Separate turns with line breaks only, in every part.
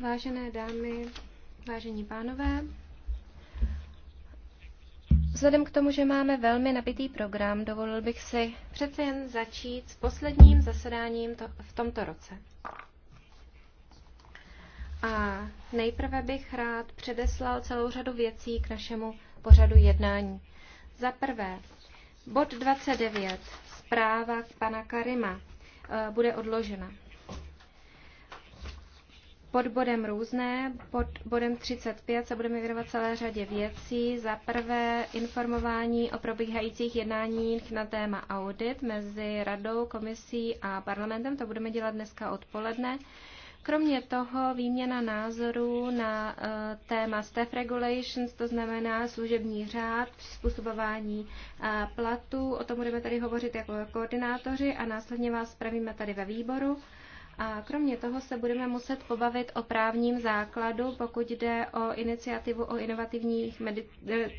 Vážené dámy, vážení pánové, Vzhledem k tomu, že máme velmi nabitý program, dovolil bych si přece jen začít s posledním zasedáním to, v tomto roce. A nejprve bych rád předeslal celou řadu věcí k našemu pořadu jednání. Za prvé, bod 29, zpráva pana Karima Eh, bude odložena. Pod bodem různé, pod bodem 35 se budeme věnovat celé řadě věcí. Za prvé informování o probíhajících jednáních na téma audit mezi radou, komisí a parlamentem. To budeme dělat dneska odpoledne. Kromě toho výměna názorů na eh, téma staff regulations, to znamená služební řád, přizpůsobování eh, platů, o tom budeme tady hovořit jako koordinátoři a následně vás spravíme tady ve výboru. A kromě toho se budeme muset pobavit o právním základu, pokud jde o iniciativu o, inovativních medi, eh,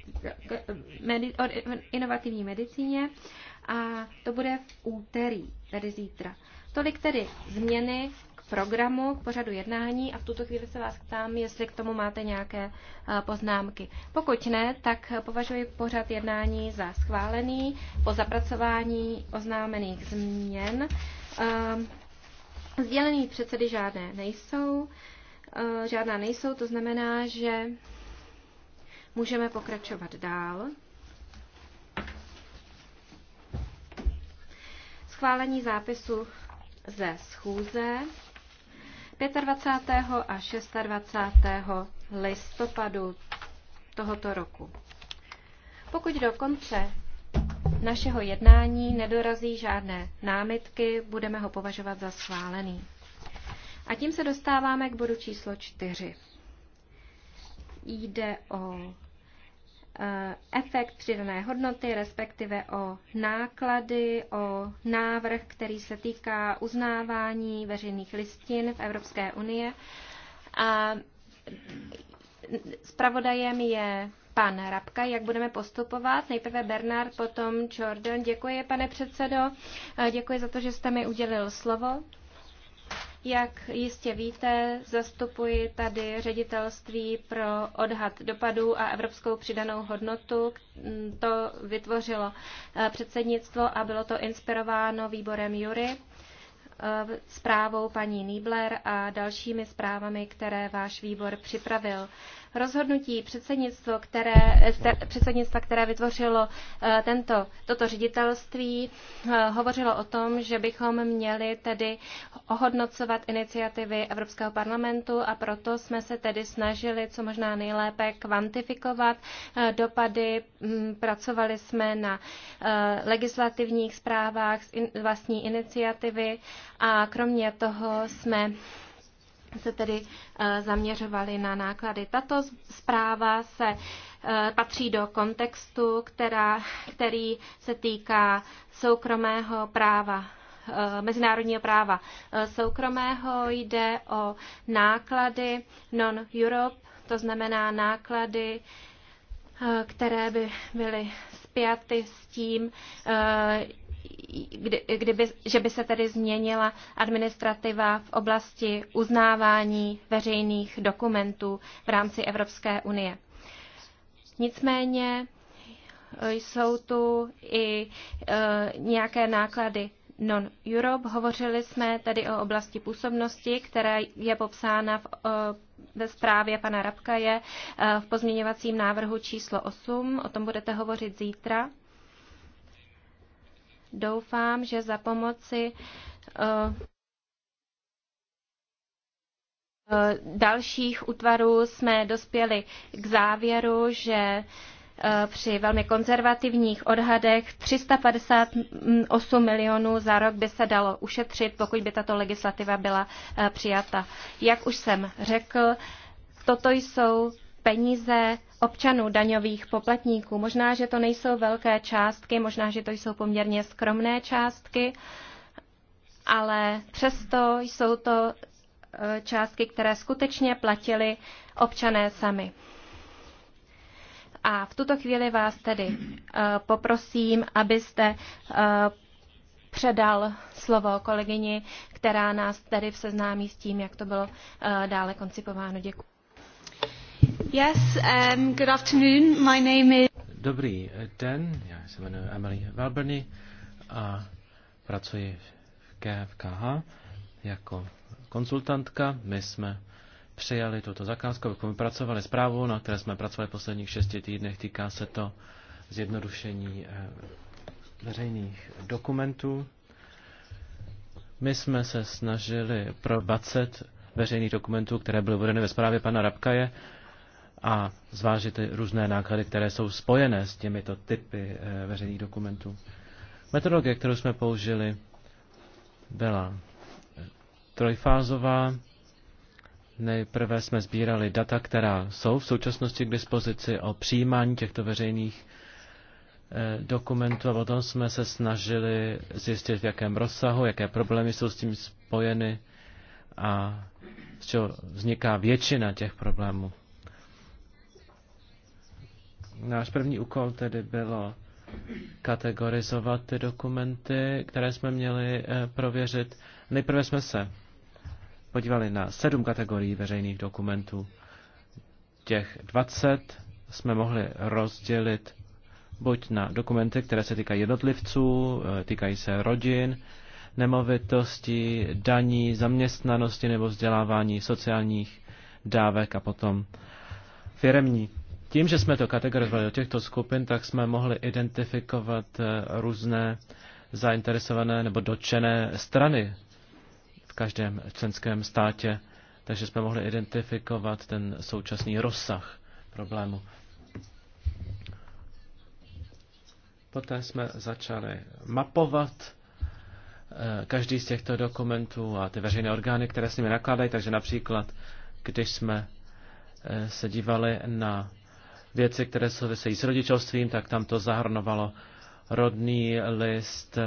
medi, o inovativní medicíně. A to bude v úterý, tedy zítra. Tolik tedy změny programu, k pořadu jednání a v tuto chvíli se vás ptám, jestli k tomu máte nějaké eh, poznámky. Pokud ne, tak považuji pořad jednání za schválený po zapracování oznámených změn. Eh, Sdělený předsedy žádné nejsou, eh, žádná nejsou, to znamená, že můžeme pokračovat dál. Schválení zápisu ze schůze. 25. a 26. listopadu tohoto roku. Pokud do konce našeho jednání nedorazí žádné námitky, budeme ho považovat za schválený. A tím se dostáváme k bodu číslo 4. Jde o Eh, efekt přidané hodnoty, respektive o náklady, o návrh, který se týká uznávání veřejných listin v Evropské unii. A Spravodajem je pan Rabka, jak budeme postupovat. Nejprve Bernard, potom Jordan. Děkuji, pane předsedo. Eh, děkuji za to, že jste mi udělil slovo. Jak jistě víte, zastupuji tady ředitelství pro odhad dopadů a evropskou přidanou hodnotu. To vytvořilo eh, předsednictvo a bylo to inspirováno výborem Jury eh, zprávou paní Niebler a dalšími zprávami, které váš výbor připravil. Rozhodnutí předsednictvo, které, předsednictva, které vytvořilo eh, tento, toto ředitelství, eh, hovořilo o tom, že bychom měli tedy ohodnocovat iniciativy Evropského parlamentu a proto jsme se tedy snažili co možná nejlépe kvantifikovat eh, dopady. Mm, pracovali jsme na legislativních zprávách z vlastní iniciativy a kromě toho jsme se tedy eh, zaměřovali na náklady. Tato zpráva se eh, patří do kontextu, která, který se týká soukromého práva eh, mezinárodního práva soukromého jde o náklady non-Europe, to znamená náklady, které by byly spjaty s tím, kdy, kdyby, že by se tedy změnila administrativa v oblasti uznávání veřejných dokumentů v rámci Evropské unie. Nicméně e, jsou tu i e, nějaké náklady non-Europe. Hovořili jsme tedy o oblasti působnosti, která je popsána v, e, ve zprávě pana Rabkaje e, v pozměňovacím návrhu číslo 8. O tom budete hovořit zítra. Doufám, že za pomoci eh, eh, dalších útvarů jsme dospěli k závěru, že eh, při velmi konzervativních odhadech 358 milionů za rok by se dalo ušetřit, pokud by tato legislativa byla přijata. Jak už jsem řekl, toto jsou peníze občanů, daňových poplatníků. Možná, že to nejsou velké částky, možná, že to jsou poměrně skromné částky, ale přesto jsou to e, částky, které skutečně platili občané sami. A v tuto chvíli vás tedy e, poprosím, abyste e, předal slovo kolegyni, která nás tedy seznámí s tím, jak to bylo dále koncipováno. Děkuji.
Um, Dobrý den, já se jmenuji Emily Valberny a pracuji v KFKH jako konsultantka. My jsme přijali tuto zakázku, abychom pracovali zprávu, na které jsme pracovali posledních šesti týdnech. Týká se to zjednodušení eh, veřejných dokumentů. My jsme se snažili pro 20 veřejných dokumentů, které byly uvedeny ve zprávě pana Rabkaje, a zvážit různé náklady, které jsou spojené s těmito typy eh, veřejných dokumentů. Metodologie, kterou jsme použili, byla eh, trojfázová. Nejprve jsme sbírali data, která jsou v současnosti k dispozici o přijímání těchto veřejných eh, dokumentů a potom jsme se snažili zjistit, v jakém rozsahu, jaké problémy jsou s tím spojeny a z čeho vzniká většina těch problémů náš první úkol tedy bylo kategorizovat ty dokumenty, které jsme měli eh, prověřit. Nejprve jsme se podívali na sedm kategorií veřejných dokumentů. Těch 20 jsme mohli rozdělit buď na dokumenty, které se týkají jednotlivců, eh, týkají se rodin, nemovitosti, daní, zaměstnanosti nebo vzdělávání sociálních dávek a potom firemní tím, že jsme to kategorizovali do těchto skupin, tak jsme mohli identifikovat eh, různé zainteresované nebo dotčené strany v každém členském státě, takže jsme mohli identifikovat ten současný rozsah problému. Poté jsme začali mapovat eh, každý z těchto dokumentů a ty veřejné orgány, které s nimi nakládají, takže například, když jsme eh, se dívali na věci, které souvisejí s rodičovstvím, tak tam to zahrnovalo rodný list, eh,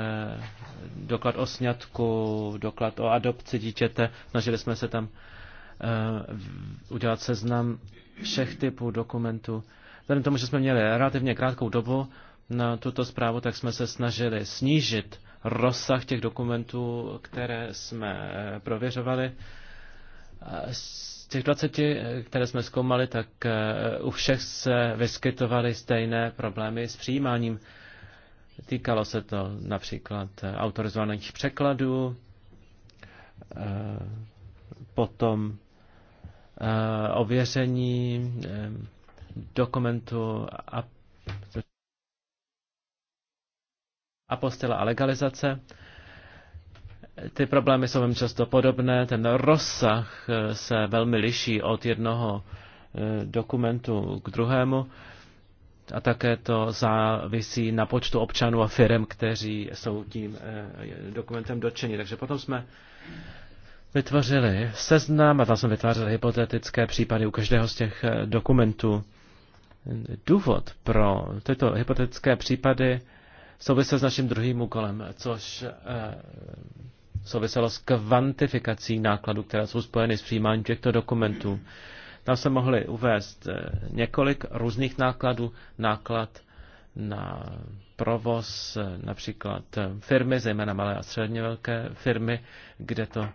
doklad o sňatku, doklad o adopci dítěte. Snažili jsme se tam eh, udělat seznam všech typů dokumentů. Vzhledem tomu, že jsme měli relativně krátkou dobu na tuto zprávu, tak jsme se snažili snížit rozsah těch dokumentů, které jsme eh, prověřovali těch 20, eh, které jsme zkoumali, tak eh, u všech se vyskytovaly stejné problémy s přijímáním. Týkalo se to například eh, autorizovaných překladů, potom ověření dokumentu apostela a legalizace. Ty problémy jsou velmi často podobné, ten rozsah eh, se velmi liší od jednoho eh, dokumentu k druhému a také to závisí na počtu občanů a firm, kteří jsou tím eh, dokumentem dotčeni. Takže potom jsme vytvořili seznam a tam jsme vytvářeli hypotetické případy u každého z těch dokumentů. Důvod pro tyto hypotetické případy souvisí s naším druhým úkolem, což souviselo s kvantifikací nákladů, které jsou spojeny s přijímáním těchto dokumentů. Tam se mohly uvést eh, několik různých nákladů. Náklad na provoz eh, například eh, firmy, zejména malé a středně velké firmy, kde to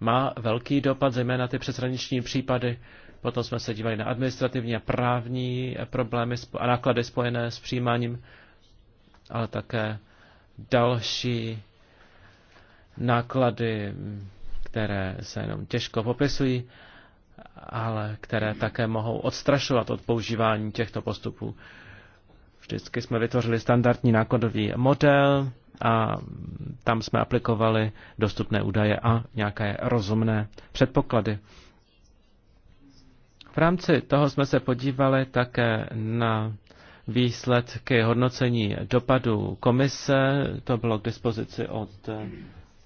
má velký dopad, zejména ty přeshraniční případy. Potom jsme se dívali na administrativní a právní problémy a náklady spojené s přijímáním, ale také další náklady, které se jenom těžko popisují, ale které také mohou odstrašovat od používání těchto postupů. Vždycky jsme vytvořili standardní nákladový model a tam jsme aplikovali dostupné údaje a nějaké rozumné předpoklady. V rámci toho jsme se podívali také na výsledky hodnocení dopadu komise. To bylo k dispozici od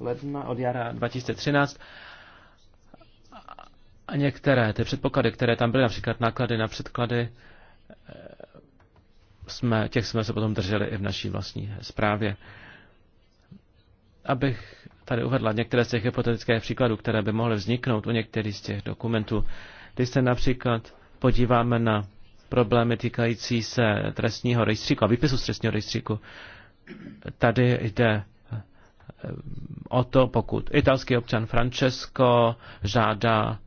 ledna, od jara 2013. A některé ty předpoklady, které tam byly, například náklady na předklady, eh, jsme, těch jsme se potom drželi i v naší vlastní zprávě. Abych tady uvedla některé z těch hypotetických příkladů, které by mohly vzniknout u některých z těch dokumentů. Když se například podíváme na problémy týkající se trestního rejstříku a výpisu z trestního rejstříku, tady jde o to, pokud italský občan Francesco žádá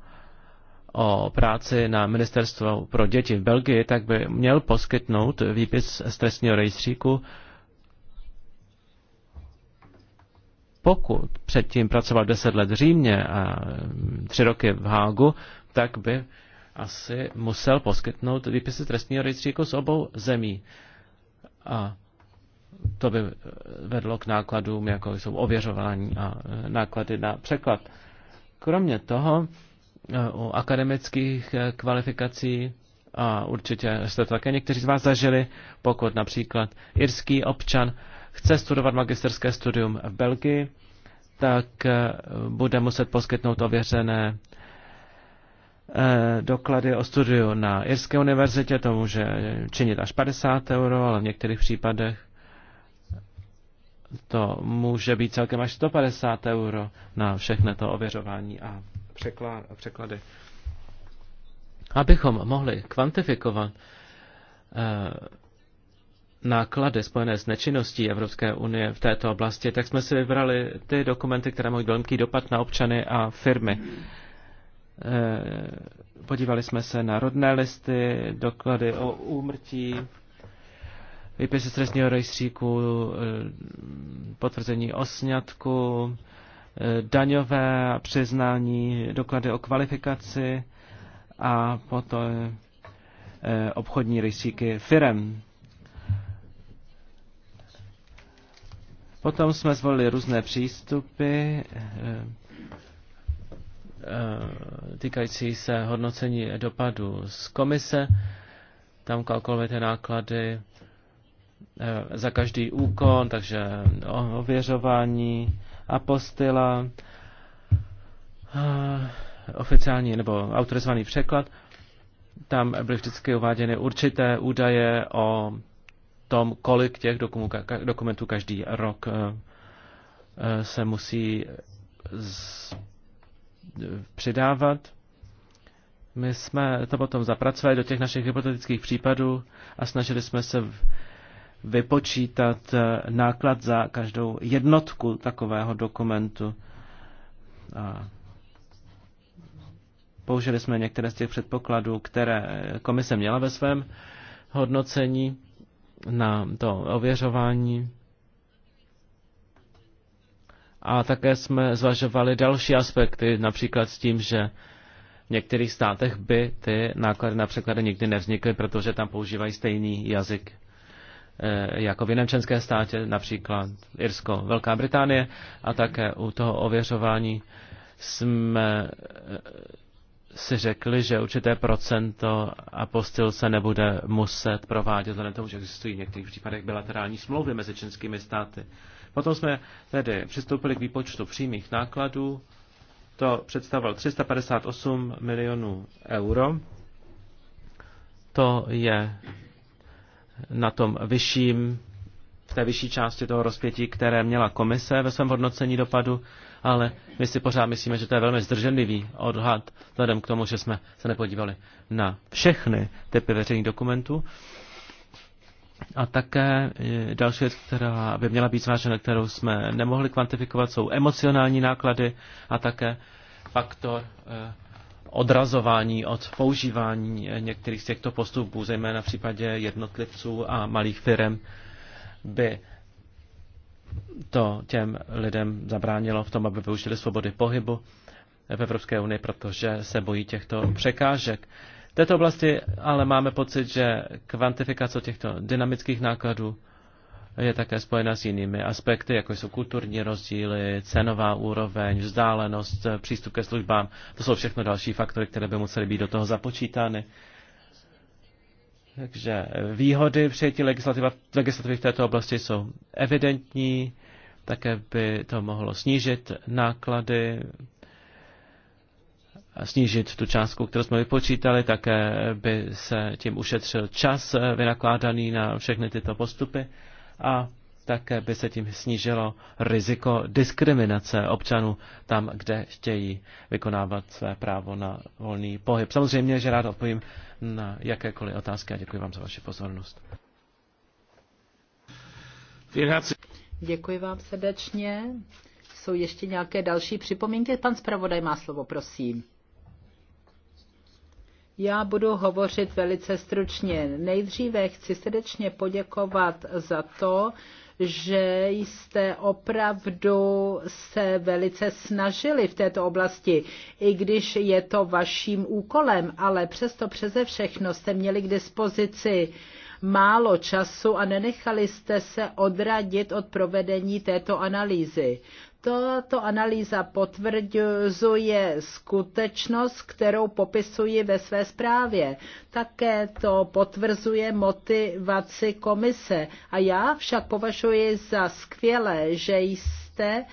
o práci na ministerstvo pro děti v Belgii, tak by měl poskytnout výpis z trestního rejstříku, pokud předtím pracoval deset let v Římě a tři roky v Hágu, tak by asi musel poskytnout výpisy trestního rejstříku z obou zemí. A to by eh, vedlo k nákladům, jako jsou ověřování a eh, náklady na překlad. Kromě toho, eh, u akademických kvalifikací a určitě jste to také někteří z vás zažili, pokud například irský občan chce studovat magisterské studium v Belgii, tak bude muset poskytnout ověřené doklady o studiu na Irské univerzitě, to může činit až 50 euro, ale v některých případech to může být celkem až 150 euro na všechno to ověřování a překlady. Abychom mohli kvantifikovat eh, náklady spojené s nečinností Evropské unie v této oblasti, tak jsme si vybrali ty dokumenty, které mají velký dopad na občany a firmy. Eh, podívali jsme se na rodné listy, doklady o úmrtí, výpis z trestního rejstříku, eh, potvrzení o sňatku, eh, daňové přiznání, doklady o kvalifikaci a potom eh, obchodní rejstříky firem. Potom jsme zvolili různé přístupy týkající se hodnocení dopadu z komise. Tam kalkulujete náklady Eh, za každý úkon, takže ověřování, apostila, eh, oficiální nebo autorizovaný překlad. Tam byly vždycky uváděny určité údaje o tom, kolik těch dokumentů každý rok eh, se musí přidávat. My jsme to potom zapracovali do těch našich hypotetických případů a snažili jsme se vypočítat eh, náklad za každou jednotku takového dokumentu. A použili jsme některé z těch předpokladů, které komise měla ve svém hodnocení na to ověřování. A také jsme zvažovali další aspekty, například s tím, že v některých státech by ty náklady na překlady nikdy nevznikly, protože tam používají stejný jazyk. Eh, jako v jiném členské státě, například Irsko, Velká Británie, a také u toho ověřování jsme eh, si řekli, že určité procento apostil se nebude muset provádět, vzhledem tomu, že existují v některých případech bilaterální smlouvy mezi členskými státy. Potom jsme tedy přistoupili k výpočtu přímých nákladů. To představil 358 milionů euro. To je na tom vyšším, v té vyšší části toho rozpětí, které měla komise ve svém hodnocení dopadu, ale my si pořád myslíme, že to je velmi zdrženlivý odhad, vzhledem k tomu, že jsme se nepodívali na všechny typy veřejných dokumentů. A také další věc, která by měla být zvážena, kterou jsme nemohli kvantifikovat, jsou emocionální náklady a také faktor eh, odrazování od používání některých z těchto postupů, zejména v případě jednotlivců a malých firm, by to těm lidem zabránilo v tom, aby využili svobody pohybu v Evropské unii, protože se bojí těchto překážek. V této oblasti ale máme pocit, že kvantifikace těchto dynamických nákladů je také spojena s jinými aspekty, jako jsou kulturní rozdíly, cenová úroveň, vzdálenost, přístup ke službám. To jsou všechno další faktory, které by musely být do toho započítány. Takže výhody přijetí legislativy v této oblasti jsou evidentní, také by to mohlo snížit náklady, snížit tu částku, kterou jsme vypočítali, také by se tím ušetřil čas vynakládaný na všechny tyto postupy a také by se tím snížilo riziko diskriminace občanů tam, kde chtějí vykonávat své právo na volný pohyb. Samozřejmě, že rád odpovím na jakékoliv otázky a děkuji vám za vaši pozornost.
Děkuji vám srdečně. Jsou ještě nějaké další připomínky? Pan zpravodaj má slovo, prosím. Já budu hovořit velice stručně. Nejdříve chci srdečně poděkovat za to, že jste opravdu se velice snažili v této oblasti, i když je to vaším úkolem, ale přesto přeze všechno jste měli k dispozici málo času a nenechali jste se odradit od provedení této analýzy. Toto analýza potvrzuje skutečnost, kterou popisuji ve své zprávě. Také to potvrzuje motivaci komise. A já však považuji za skvělé, že jste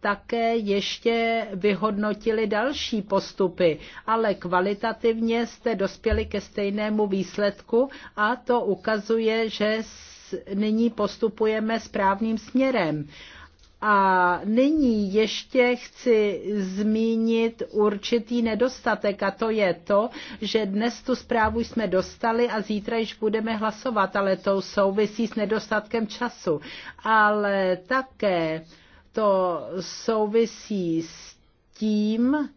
také ještě vyhodnotili další postupy, ale kvalitativně jste dospěli ke stejnému výsledku a to ukazuje, že nyní postupujeme správným směrem. A nyní ještě chci zmínit určitý nedostatek a to je to, že dnes tu zprávu jsme dostali a zítra již budeme hlasovat, ale to souvisí s nedostatkem času. Ale také to souvisí s tím,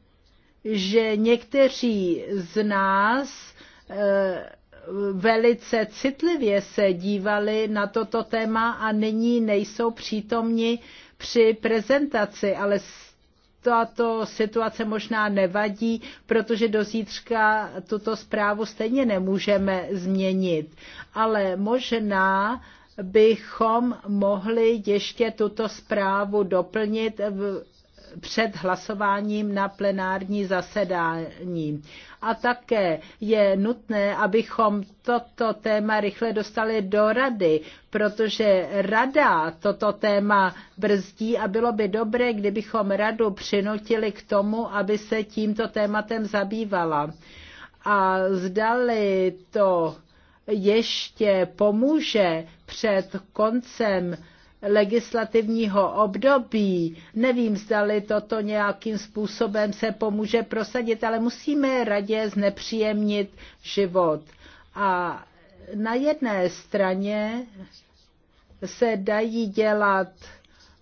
že někteří z nás e, velice citlivě se dívali na toto téma a nyní nejsou přítomni při prezentaci, ale tato situace možná nevadí, protože do zítřka tuto zprávu stejně nemůžeme změnit. Ale možná bychom mohli ještě tuto zprávu doplnit v před hlasováním na plenární zasedání. A také je nutné, abychom toto téma rychle dostali do rady, protože rada toto téma brzdí a bylo by dobré, kdybychom radu přinutili k tomu, aby se tímto tématem zabývala. A zdali to ještě pomůže před koncem legislativního období. Nevím, zdali toto nějakým způsobem se pomůže prosadit, ale musíme radě znepříjemnit život. A na jedné straně se dají dělat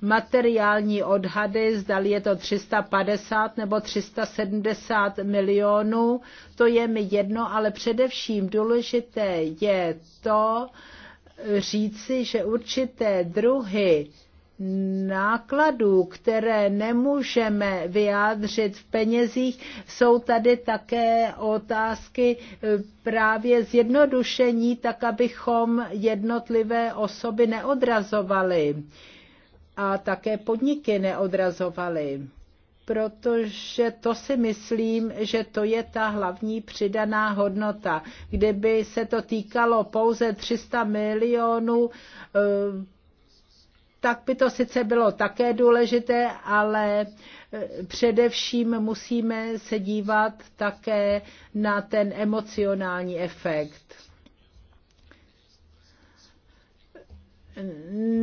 materiální odhady, zdali je to 350 nebo 370 milionů, to je mi jedno, ale především důležité je to, říci, že určité druhy nákladů, které nemůžeme vyjádřit v penězích, jsou tady také otázky e, právě zjednodušení, tak abychom jednotlivé osoby neodrazovali a také podniky neodrazovali protože to si myslím, že to je ta hlavní přidaná hodnota. Kdyby se to týkalo pouze 300 milionů, eh, tak by to sice bylo také důležité, ale eh, především musíme se dívat také na ten emocionální efekt.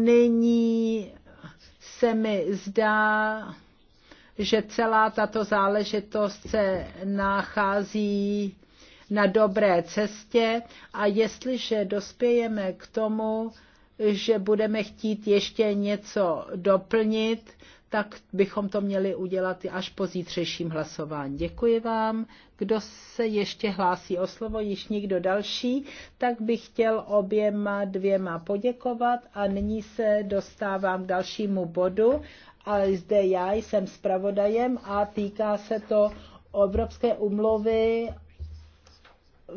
Nyní se mi zdá, že celá tato záležitost se nachází na dobré cestě a jestliže dospějeme k tomu, že budeme chtít ještě něco doplnit, tak bychom to měli udělat až po zítřejším hlasování. Děkuji vám. Kdo se ještě hlásí o slovo, již nikdo další, tak bych chtěl oběma dvěma poděkovat a nyní se dostávám k dalšímu bodu ale zde já jsem zpravodajem a týká se to Evropské umluvy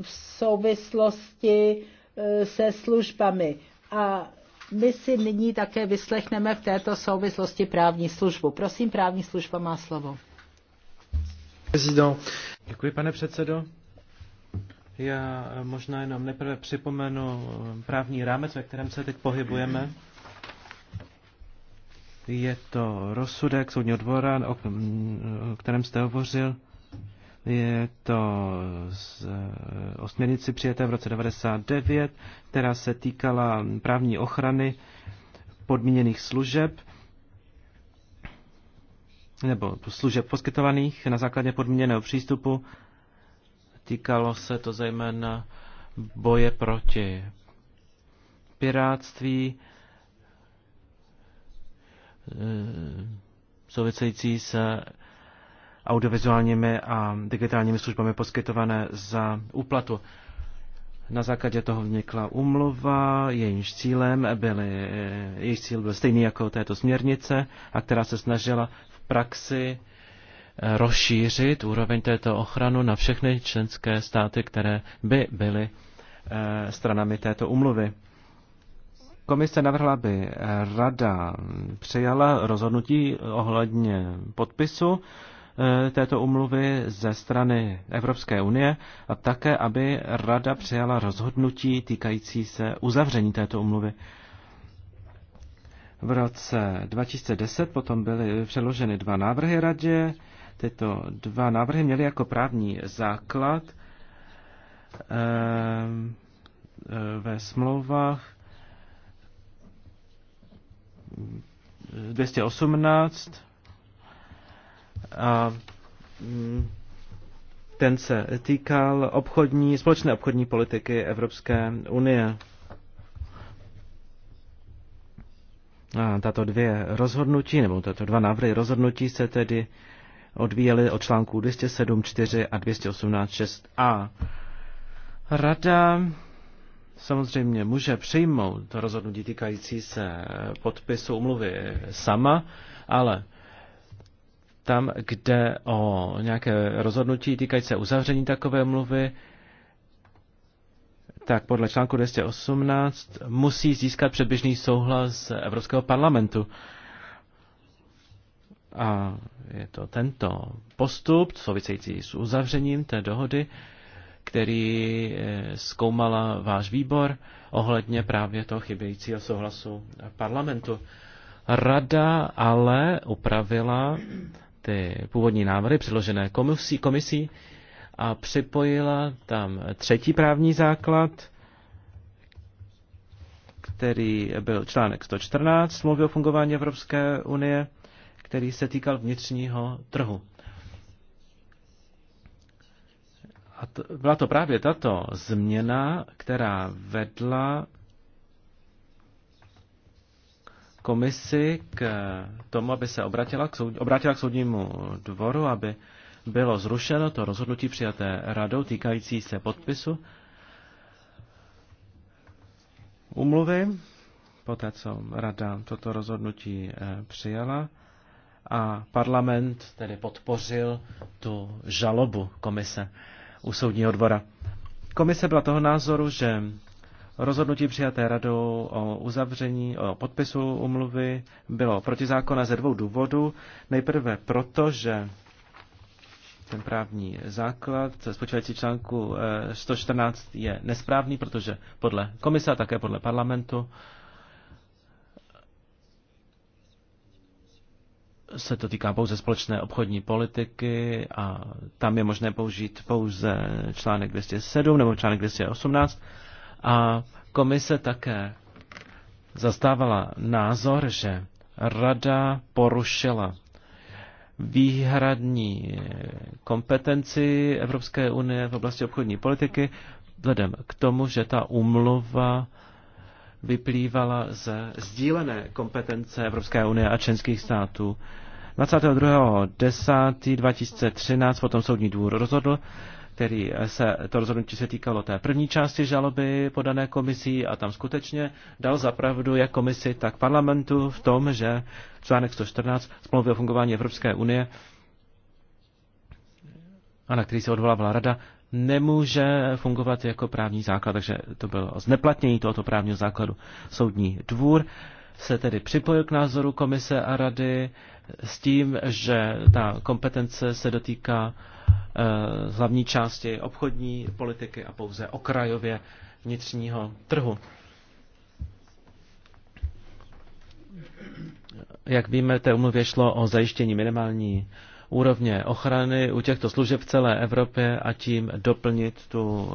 v souvislosti e, se službami. A my si nyní také vyslechneme v této souvislosti právní službu. Prosím, právní služba má slovo.
Děkuji, pane předsedo. Já možná jenom nejprve připomenu e, právní rámec, ve kterém se teď pohybujeme. Je to rozsudek soudního dvora, o kterém jste hovořil. Je to z, e, o přijeté v roce 99, která se týkala právní ochrany podmíněných služeb nebo služeb poskytovaných na základě podmíněného přístupu. Týkalo se to zejména boje proti piráctví Eh, související s audiovizuálními a digitálními službami poskytované za úplatu. Na základě toho vznikla umluva, jejímž cílem byly, eh, jejíž cíl byl stejný jako této směrnice a která se snažila v praxi eh, rozšířit úroveň této ochranu na všechny členské státy, které by byly stranami této umluvy. Komise navrhla, aby rada přijala rozhodnutí ohledně podpisu eh, této umluvy ze strany Evropské unie a také, aby rada přijala rozhodnutí týkající se uzavření této umluvy. V roce 2010 potom byly předloženy dva návrhy radě. Tyto dva návrhy měly jako právní základ eh, eh, ve smlouvách 218 a mm, ten se týkal obchodní, společné obchodní politiky Evropské unie. A tato dvě rozhodnutí, nebo tato dva návrhy rozhodnutí se tedy odvíjely od článků 207.4 a 218.6a. Rada samozřejmě může přijmout rozhodnutí týkající se podpisu umluvy sama, ale tam, kde o nějaké rozhodnutí týkající se uzavření takové mluvy, tak podle článku 218 musí získat předběžný souhlas Evropského parlamentu. A je to tento postup, související s uzavřením té dohody, který eh, zkoumala váš výbor ohledně právě toho chybějícího souhlasu parlamentu. Rada ale upravila ty původní návrhy předložené komisí, komisí a připojila tam třetí právní základ, který byl článek 114 smlouvy o fungování Evropské unie, který se týkal vnitřního trhu. to, byla to právě tato změna, která vedla komisi k tomu, aby se obratila k, soud, obratila k soudnímu dvoru, aby bylo zrušeno to rozhodnutí přijaté radou týkající se podpisu umluvy, poté co rada toto rozhodnutí eh, přijala a parlament tedy podpořil tu žalobu komise u soudního dvora. Komise byla toho názoru, že rozhodnutí přijaté radou o uzavření, o podpisu umluvy bylo protizákonné ze dvou důvodů. Nejprve proto, že ten právní základ spočívající článku 114 eh, je nesprávný, protože podle komise a také podle parlamentu se to týká pouze společné obchodní politiky a tam je možné použít pouze článek 207 nebo článek 218. A komise také zastávala názor, že rada porušila výhradní kompetenci Evropské unie v oblasti obchodní politiky, vzhledem k tomu, že ta úmluva vyplývala ze sdílené kompetence Evropské unie a členských států. 22.10.2013 potom soudní dvůr rozhodl, který se to rozhodnutí se týkalo té první části žaloby podané komisí a tam skutečně dal zapravdu jak komisi, tak parlamentu v tom, že článek 114 smlouvy o fungování Evropské unie a na který se odvolávala rada, nemůže fungovat jako právní základ, takže to bylo zneplatnění tohoto právního základu. Soudní dvůr se tedy připojil k názoru komise a rady s tím, že ta kompetence se dotýká eh, hlavní části obchodní politiky a pouze okrajově vnitřního trhu. Jak víme, té umluvě šlo o zajištění minimální úrovně ochrany u těchto služeb v celé Evropě a tím doplnit tu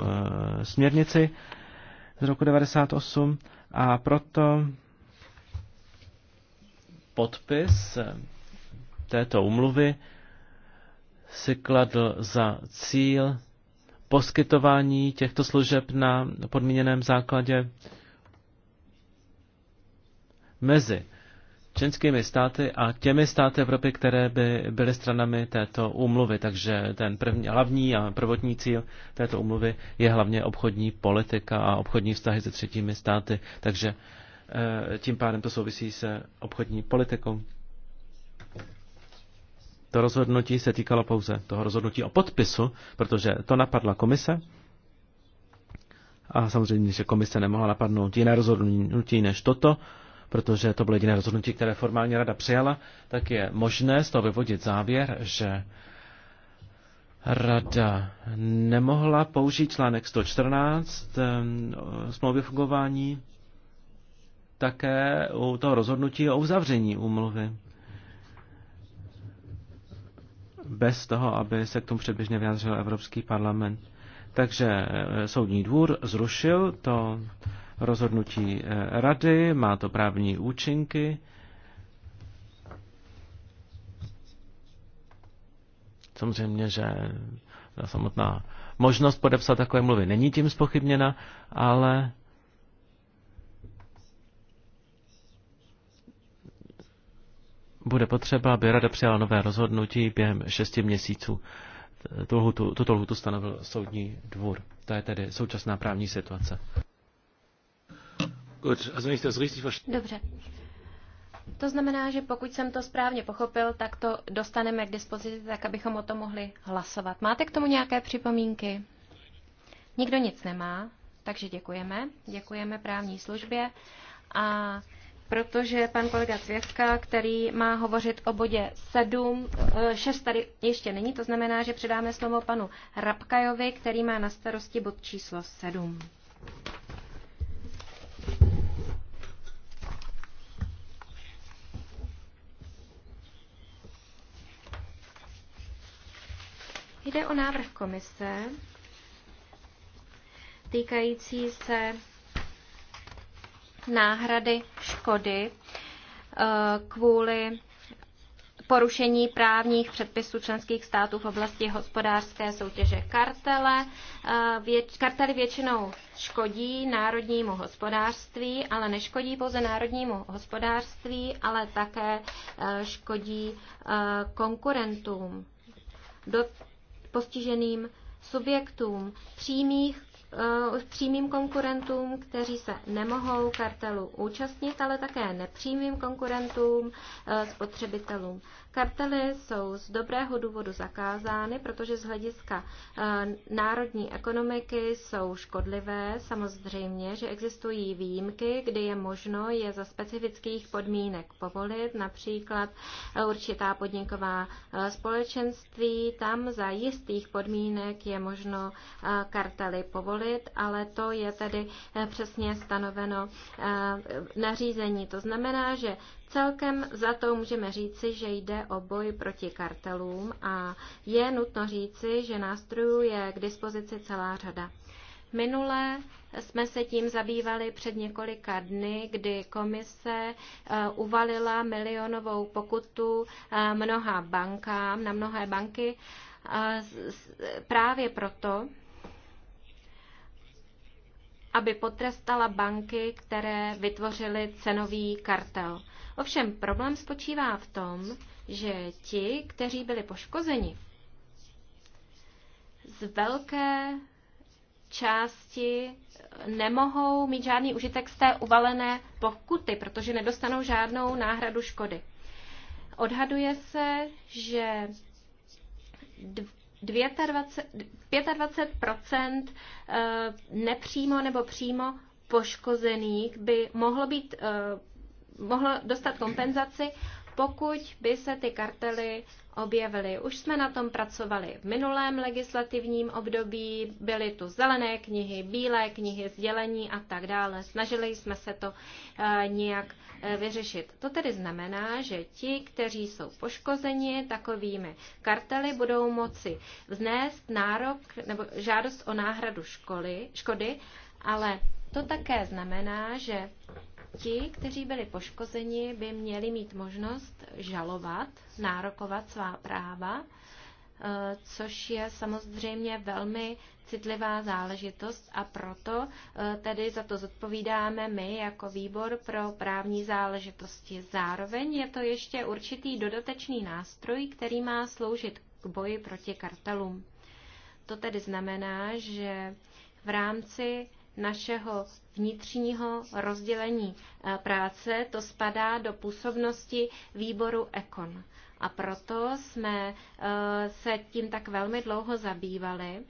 e, směrnici z roku 98 a proto podpis eh, této umluvy si kladl za cíl poskytování těchto služeb na podmíněném základě mezi členskými státy a těmi státy Evropy, které by byly stranami této úmluvy. Takže ten první, hlavní a prvotní cíl této úmluvy je hlavně obchodní politika a obchodní vztahy se třetími státy. Takže eh, tím pádem to souvisí se obchodní politikou. To rozhodnutí se týkalo pouze toho rozhodnutí o podpisu, protože to napadla komise. A samozřejmě, že komise nemohla napadnout jiné rozhodnutí než toto, protože to bylo jediné rozhodnutí, které formálně rada přijala, tak je možné z toho vyvodit závěr, že rada nemohla použít článek 114 ehm, smlouvy fungování také u toho rozhodnutí o uzavření úmluvy. Bez toho, aby se k tomu předběžně vyjádřil Evropský parlament. Takže eh, soudní dvůr zrušil to rozhodnutí eh, rady, má to právní účinky. Samozřejmě, že ta samotná možnost podepsat takové mluvy není tím spochybněna, ale bude potřeba, aby rada přijala nové rozhodnutí během šesti měsíců. Tuto lhutu stanovil soudní dvůr. To je tedy současná právní situace. Dobře.
To znamená, že pokud jsem to správně pochopil, tak to dostaneme k dispozici, tak abychom o tom mohli hlasovat. Máte k tomu nějaké připomínky? Nikdo nic nemá, takže děkujeme. Děkujeme právní službě. A protože pan kolega Cvěvka, který má hovořit o bodě 7, 6 eh, tady ještě není, to znamená, že předáme slovo panu Rabkajovi, který má na starosti bod číslo 7. Jde o návrh komise týkající se náhrady škody eh, kvůli porušení právních předpisů členských států v oblasti hospodářské soutěže kartele. Eh, kartely většinou škodí národnímu hospodářství, ale neškodí pouze národnímu hospodářství, ale také eh, škodí konkurentům. Do postiženým subjektům, přímých, eh, přímým konkurentům, kteří se nemohou kartelu účastnit, ale také nepřímým konkurentům, eh, spotřebitelům. Kartely jsou z dobrého důvodu zakázány, protože z hlediska eh, národní ekonomiky jsou škodlivé. Samozřejmě, že existují výjimky, kdy je možno je za specifických podmínek povolit, například eh, určitá podniková eh, společenství. Tam za jistých podmínek je možno kartely povolit, ale to je tedy přesně stanoveno nařízení. To znamená, že Celkem za to můžeme říci, že jde o boj proti kartelům a je nutno říci, že nástrojů je k dispozici celá řada. Minule jsme se tím zabývali před několika dny, kdy komise eh, uvalila milionovou pokutu eh, mnoha bankám, na mnohé banky, eh, právě proto, aby potrestala banky, které vytvořily cenový kartel. Ovšem problém spočívá v tom, že ti, kteří byli poškozeni, z velké části nemohou mít žádný užitek z té uvalené pokuty, protože nedostanou žádnou náhradu škody. Odhaduje se, že 25, nepřímo nebo přímo poškozených by mohlo, být, mohlo dostat kompenzaci pokud by se ty kartely objevily. Už jsme na tom pracovali v minulém legislativním období, byly tu zelené knihy, bílé knihy, sdělení a tak dále. Snažili jsme se to eh, nějak eh, vyřešit. To tedy znamená, že ti, kteří jsou poškozeni takovými kartely, budou moci vznést nárok nebo žádost o náhradu školy, škody, ale to také znamená, že ti, kteří byli poškozeni, by měli mít možnost žalovat, nárokovat svá práva, eh, což je samozřejmě velmi citlivá záležitost a proto eh, tedy za to zodpovídáme my jako výbor pro právní záležitosti. Zároveň je to ještě určitý dodatečný nástroj, který má sloužit k boji proti kartelům. To tedy znamená, že v rámci našeho vnitřního rozdělení eh, práce, to spadá do působnosti výboru EKON. A proto jsme eh, se tím tak velmi dlouho zabývali.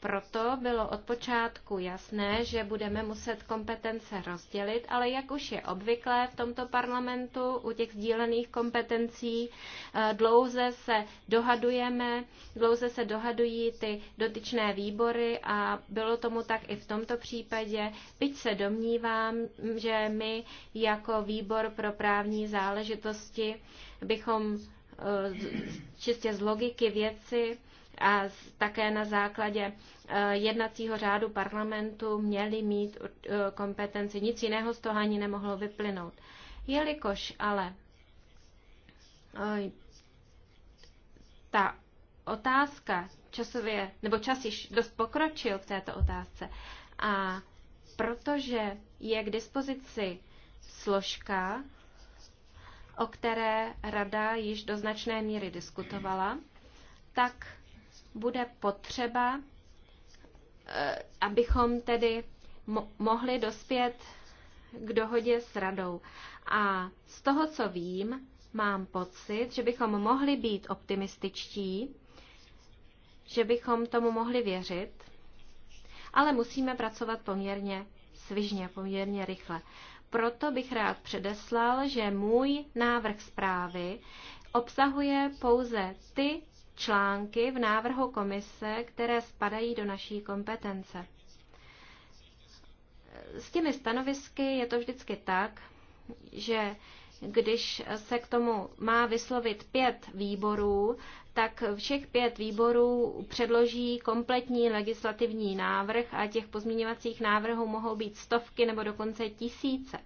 Proto bylo od počátku jasné, že budeme muset kompetence rozdělit, ale jak už je obvyklé v tomto parlamentu u těch sdílených kompetencí, eh, dlouze se dohadujeme, dlouze se dohadují ty dotyčné výbory a bylo tomu tak i v tomto případě, byť se domnívám, že my jako výbor pro právní záležitosti bychom eh, čistě z logiky věci a také na základě eh, jednacího řádu parlamentu měli mít eh, kompetenci. Nic jiného z toho ani nemohlo vyplynout. Jelikož ale ta otázka časově, nebo čas již dost pokročil v této otázce a protože je k dispozici složka, o které rada již do značné míry diskutovala, tak bude potřeba, eh, abychom tedy mohli dospět k dohodě s radou. A z toho, co vím, mám pocit, že bychom mohli být optimističtí, že bychom tomu mohli věřit, ale musíme pracovat poměrně svižně, poměrně rychle. Proto bych rád předeslal, že můj návrh zprávy obsahuje pouze ty články v návrhu komise, které spadají do naší kompetence. S těmi stanovisky je to vždycky tak, že když se k tomu má vyslovit pět výborů, tak všech pět výborů předloží kompletní legislativní návrh a těch pozměňovacích návrhů mohou být stovky nebo dokonce tisíce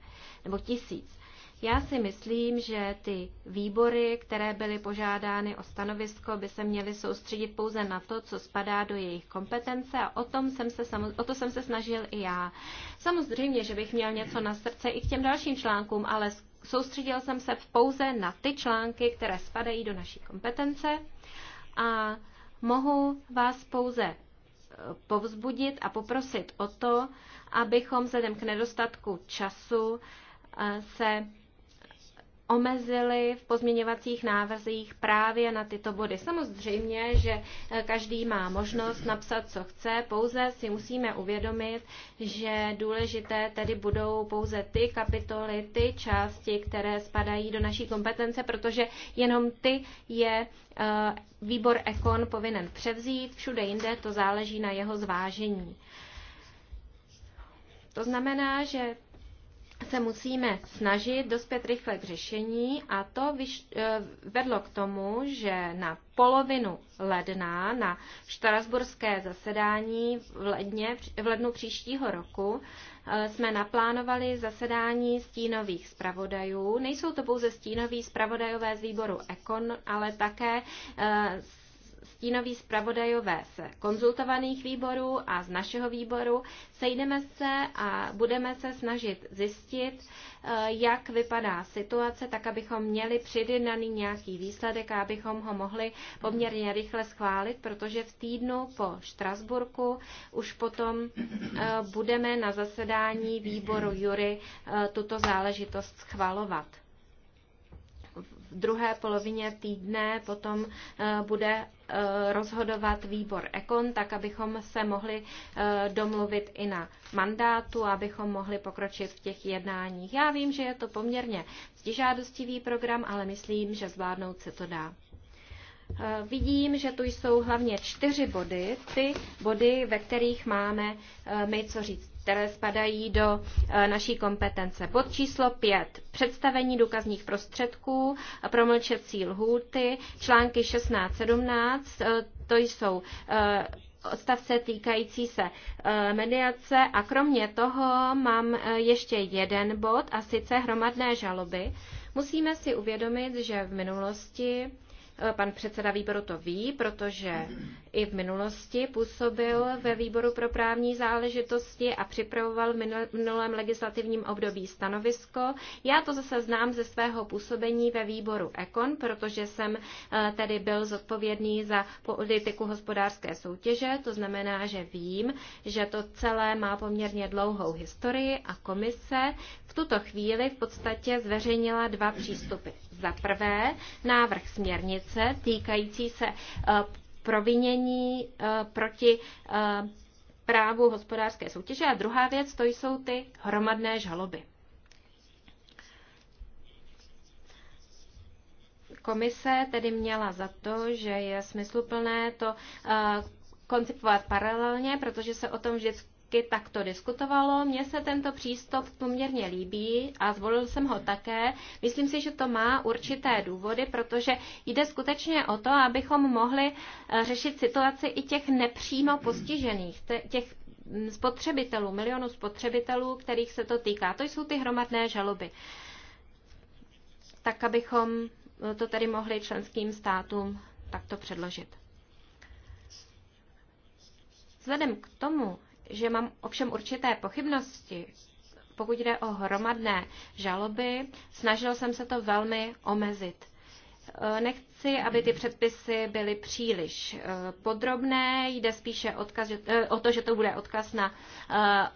nebo tisíc. Já si myslím, že ty výbory, které byly požádány o stanovisko, by se měly soustředit pouze na to, co spadá do jejich kompetence a o, tom jsem se, o to jsem se snažil i já. Samozřejmě, že bych měl něco na srdce i k těm dalším článkům, ale soustředil jsem se pouze na ty články, které spadají do naší kompetence a mohu vás pouze e, povzbudit a poprosit o to, abychom vzhledem k nedostatku času e, se omezili v pozměňovacích návrzích právě na tyto body. Samozřejmě, že eh, každý má možnost napsat, co chce, pouze si musíme uvědomit, že důležité tedy budou pouze ty kapitoly, ty části, které spadají do naší kompetence, protože jenom ty je eh, výbor Ekon povinen převzít, všude jinde to záleží na jeho zvážení. To znamená, že se musíme snažit dospět rychle k řešení a to eh, vedlo k tomu, že na polovinu ledna na štrasburské zasedání v, ledně, v lednu příštího roku eh, jsme naplánovali zasedání stínových zpravodajů. Nejsou to pouze stínoví zpravodajové z výboru Ekon, ale také eh, stínoví zpravodajové se konzultovaných výborů a z našeho výboru. Sejdeme se a budeme se snažit zjistit, eh, jak vypadá situace, tak abychom měli přidaný nějaký výsledek a abychom ho mohli poměrně rychle schválit, protože v týdnu po Štrasburku už potom eh, budeme na zasedání výboru Jury eh, tuto záležitost schvalovat v druhé polovině týdne potom eh, bude eh, rozhodovat výbor Ekon, tak abychom se mohli eh, domluvit i na mandátu, abychom mohli pokročit v těch jednáních. Já vím, že je to poměrně stižádostivý program, ale myslím, že zvládnout se to dá. Vidím, že tu jsou hlavně čtyři body, ty body, ve kterých máme my co říct které spadají do e, naší kompetence. Pod číslo 5. Představení důkazních prostředků, promlčecí lhůty, články 16-17, e, to jsou e, odstavce týkající se mediace a kromě toho mám ještě jeden bod a sice hromadné žaloby. Musíme si uvědomit, že v minulosti Pan předseda výboru to ví, protože i v minulosti působil ve výboru pro právní záležitosti a připravoval v minulém legislativním období stanovisko. Já to zase znám ze svého působení ve výboru Ekon, protože jsem eh, tedy byl zodpovědný za politiku hospodářské soutěže. To znamená, že vím, že to celé má poměrně dlouhou historii a komise v tuto chvíli v podstatě zveřejnila dva přístupy. Za prvé návrh směrnice týkající se eh, provinění eh, proti eh, právu hospodářské soutěže a druhá věc to jsou ty hromadné žaloby. Komise tedy měla za to, že je smysluplné to koncipovat paralelně, protože se o tom vždycky taky takto diskutovalo. Mně se tento přístup poměrně líbí a zvolil jsem ho také. Myslím si, že to má určité důvody, protože jde skutečně o to, abychom mohli eh, řešit situaci i těch nepřímo postižených, těch mm, spotřebitelů, milionů spotřebitelů, kterých se to týká. To jsou ty hromadné žaloby. Tak, abychom eh, to tedy mohli členským státům takto předložit. Vzhledem k tomu, že mám ovšem určité pochybnosti, pokud jde o hromadné žaloby, snažil jsem se to velmi omezit. E, nechci, aby ty předpisy byly příliš e, podrobné, jde spíše odkaz, e, o to, že to bude odkaz na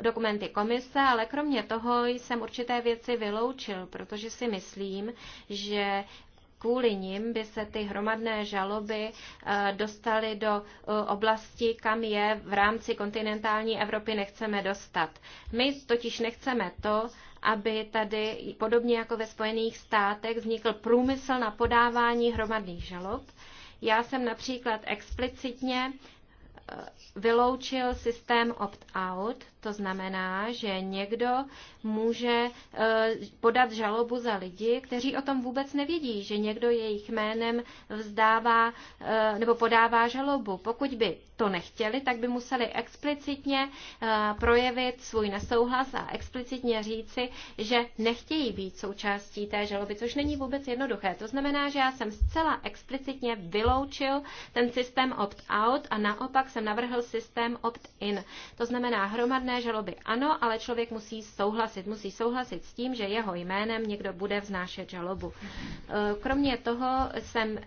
dokumenty komise, ale kromě toho jsem určité věci vyloučil, protože si myslím, že kvůli nim by se ty hromadné žaloby eh, dostaly do eh, oblasti, kam je v rámci kontinentální Evropy nechceme dostat. My totiž nechceme to, aby tady, podobně jako ve Spojených státech, vznikl průmysl na podávání hromadných žalob. Já jsem například explicitně eh, vyloučil systém opt-out, to znamená, že někdo může eh, podat žalobu za lidi, kteří o tom vůbec nevědí, že někdo jejich jménem vzdává eh, nebo podává žalobu. Pokud by to nechtěli, tak by museli explicitně eh, projevit svůj nesouhlas a explicitně říci, že nechtějí být součástí té žaloby, což není vůbec jednoduché. To znamená, že já jsem zcela explicitně vyloučil ten systém opt-out a naopak jsem navrhl systém opt-in. To znamená hromadné příslušné žaloby ano, ale člověk musí souhlasit. Musí souhlasit s tím, že jeho jménem někdo bude vznášet žalobu. E, kromě toho jsem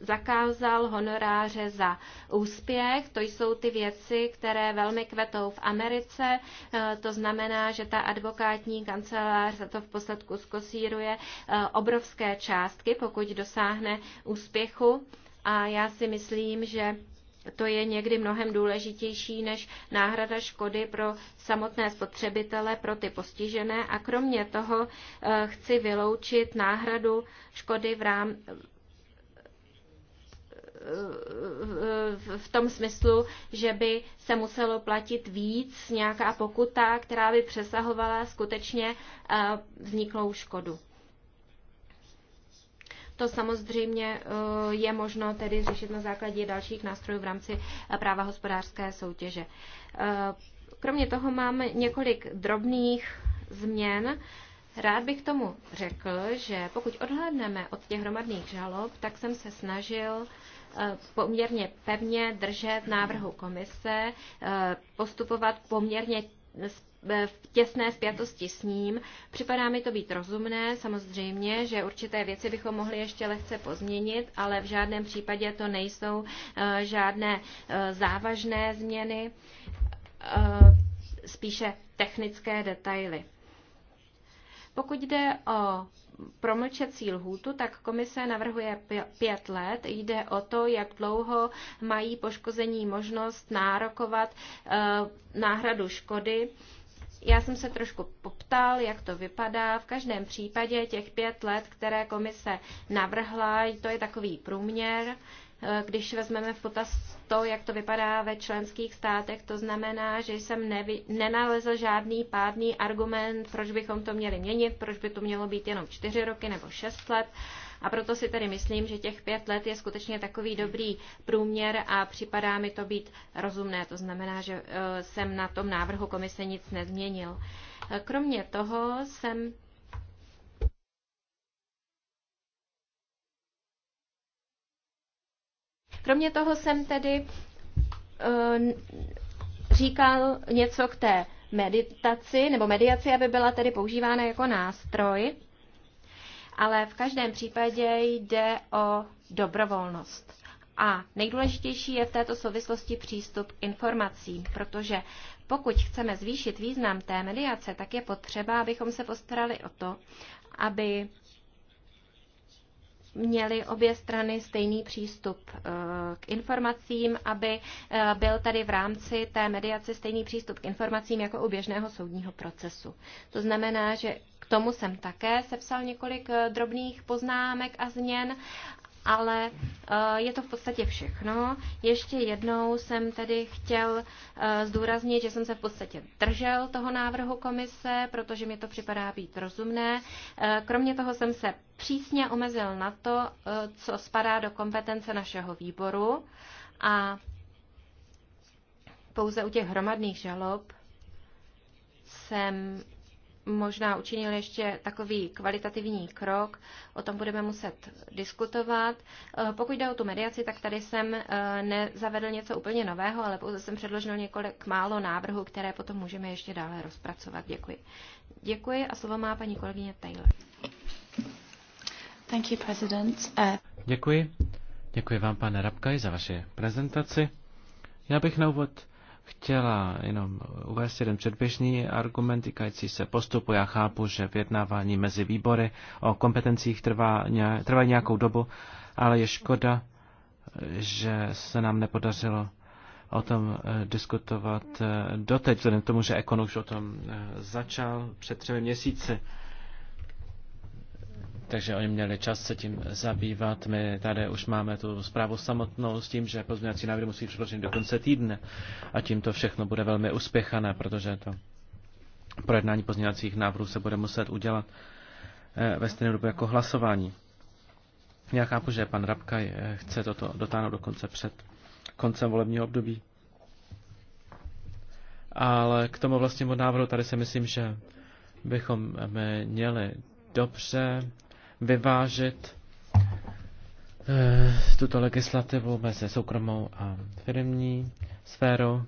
zakázal honoráře za úspěch. To jsou ty věci, které velmi kvetou v Americe. E, to znamená, že ta advokátní kancelář za to v posledku zkosíruje e, obrovské částky, pokud dosáhne úspěchu. A já si myslím, že to je někdy mnohem důležitější než náhrada škody pro samotné spotřebitele, pro ty postižené. A kromě toho eh, chci vyloučit náhradu škody v, rám, v tom smyslu, že by se muselo platit víc nějaká pokuta, která by přesahovala skutečně eh, vzniklou škodu. To samozřejmě eh, je možno tedy řešit na základě dalších nástrojů v rámci eh, práva hospodářské soutěže. Eh, kromě toho máme několik drobných změn. Rád bych tomu řekl, že pokud odhlédneme od těch hromadných žalob, tak jsem se snažil poměrně pevně držet návrhu komise, postupovat poměrně v těsné spjatosti s ním. Připadá mi to být rozumné, samozřejmě, že určité věci bychom mohli ještě lehce pozměnit, ale v žádném případě to nejsou eh, žádné eh, závažné změny, eh, spíše technické detaily. Pokud jde o promlčecí lhůtu, tak komise navrhuje pět let. Jde o to, jak dlouho mají poškození možnost nárokovat e, náhradu škody. Já jsem se trošku poptal, jak to vypadá. V každém případě těch pět let, které komise navrhla, to je takový průměr. Eh, když vezmeme v potaz to, jak to vypadá ve členských státech, to znamená, že jsem nevy, nenalezl žádný pádný argument, proč bychom to měli měnit, proč by to mělo být jenom čtyři roky nebo šest let. A proto si tedy myslím, že těch pět let je skutečně takový dobrý průměr a připadá mi to být rozumné. To znamená, že eh, jsem na tom návrhu komise nic nezměnil. Eh, kromě toho jsem Kromě toho jsem tedy eh, říkal něco k té meditaci nebo mediaci, aby byla tedy používána jako nástroj, ale v každém případě jde o dobrovolnost. A nejdůležitější je v této souvislosti přístup k informacím, protože pokud chceme zvýšit význam té mediace, tak je potřeba, abychom se postarali o to, aby měly obě strany stejný přístup eh, k informacím, aby eh, byl tady v rámci té mediace stejný přístup k informacím jako u běžného soudního procesu. To znamená, že k tomu jsem také sepsal několik eh, drobných poznámek a změn ale eh, je to v podstatě všechno. Ještě jednou jsem tedy chtěl eh, zdůraznit, že jsem se v podstatě držel toho návrhu komise, protože mi to připadá být rozumné. Eh, kromě toho jsem se přísně omezil na to, co spadá do kompetence našeho výboru a pouze u těch hromadných žalob jsem možná učinil ještě takový kvalitativní krok, o tom budeme muset diskutovat. Eh, pokud jde o tu mediaci, tak tady jsem eh, nezavedl něco úplně nového, ale pouze jsem předložil několik málo návrhů, které potom můžeme ještě dále rozpracovat. Děkuji. Děkuji a slovo má paní kolegyně Taylor.
Thank you, President. Eh,
Děkuji. Děkuji vám, pane Rabkaj, za vaše prezentaci. Já bych na úvod chtěla jenom uvést jeden předběžný argument týkající se postupu. Já chápu, že vyjednávání mezi výbory o kompetencích trvá, ně, trvá nějakou dobu, ale je škoda, že se nám nepodařilo o tom eh, diskutovat eh, doteď, vzhledem k tomu, že Ekon už o tom eh, začal před třemi měsíci takže oni měli čas se tím zabývat. My tady už máme tu zprávu samotnou s tím, že pozměňovací návrhy musí předložit do konce týdne a tím to všechno bude velmi uspěchané, protože to projednání pozměňovacích návrhů se bude muset udělat eh, ve stejné době jako hlasování. Já chápu, že pan Rabka eh, chce toto dotáhnout dokonce před koncem volebního období. Ale k tomu vlastnímu návrhu tady si myslím, že bychom eh, měli dobře vyvážit eh, tuto legislativu mezi soukromou a firmní sférou.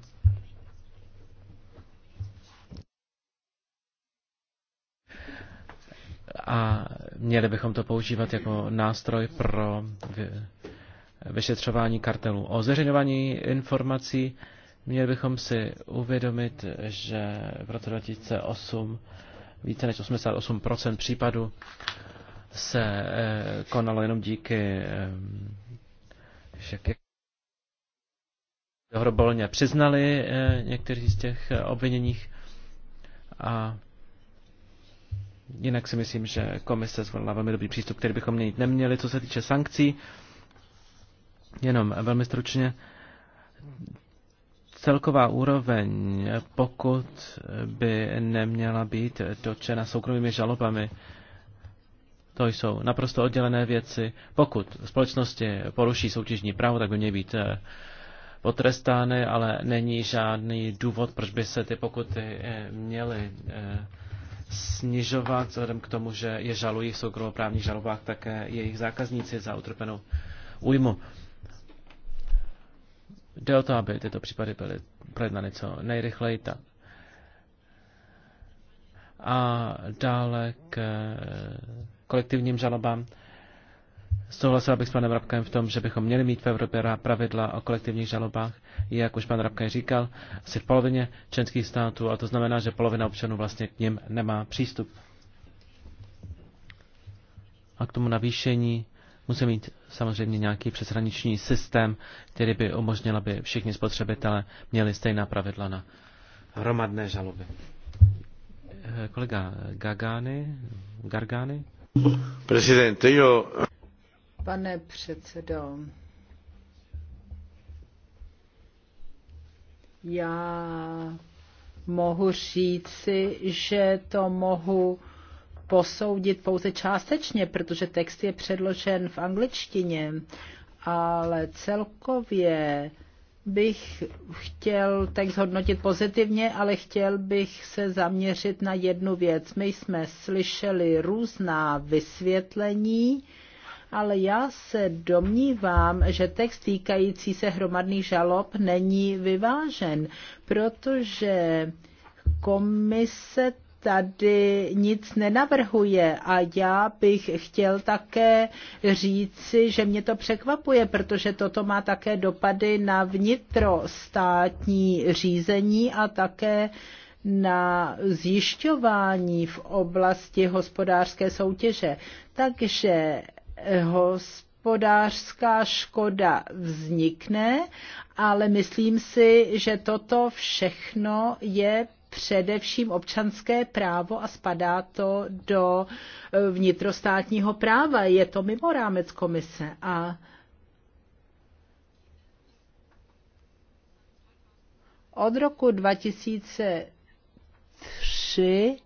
A měli bychom to používat jako nástroj pro vyšetřování kartelů. O zveřejňování informací měli bychom si uvědomit, že v roce 2008 více než 88% případů se eh, konalo jenom díky eh, dobrovolně přiznali eh, někteří z těch obviněních a jinak si myslím, že komise zvolila velmi dobrý přístup, který bychom měnit neměli, co se týče sankcí. Jenom velmi stručně, celková úroveň pokud by neměla být dotčena soukromými žalobami. To jsou naprosto oddělené věci. Pokud společnosti poruší soutěžní právo, tak by měly být eh, potrestány, ale není žádný důvod, proč by se ty pokuty eh, měly eh, snižovat, vzhledem k tomu, že je žalují v soukromoprávních žalobách také jejich zákazníci za utrpenou újmu. Jde o to, aby tyto případy byly projednány co nejrychleji. Tak. A dále k kolektivním žalobám. Souhlasil bych s panem Rabkem v tom, že bychom měli mít v Evropě pravidla o kolektivních žalobách, jak už pan Rabkem říkal, asi v polovině členských států, a to znamená, že polovina občanů vlastně k ním nemá přístup. A k tomu navýšení musí mít samozřejmě nějaký přeshraniční systém, který by umožnil, aby všichni spotřebitelé měli stejná pravidla na hromadné žaloby. Eh, kolega Gagány, Gargány?
Pane předsedo, já mohu říci, že to mohu posoudit pouze částečně, protože text je předložen v angličtině, ale celkově bych chtěl tak hodnotit pozitivně, ale chtěl bych se zaměřit na jednu věc. My jsme slyšeli různá vysvětlení, ale já se domnívám, že text týkající se hromadných žalob není vyvážen, protože komise tady nic nenavrhuje a já bych chtěl také říci, že mě to překvapuje, protože toto má také dopady na vnitrostátní řízení a také na zjišťování v oblasti hospodářské soutěže. Takže hospodářská škoda vznikne, ale myslím si, že toto všechno je především občanské právo a spadá to do e, vnitrostátního práva. Je to mimo rámec komise a od roku 2003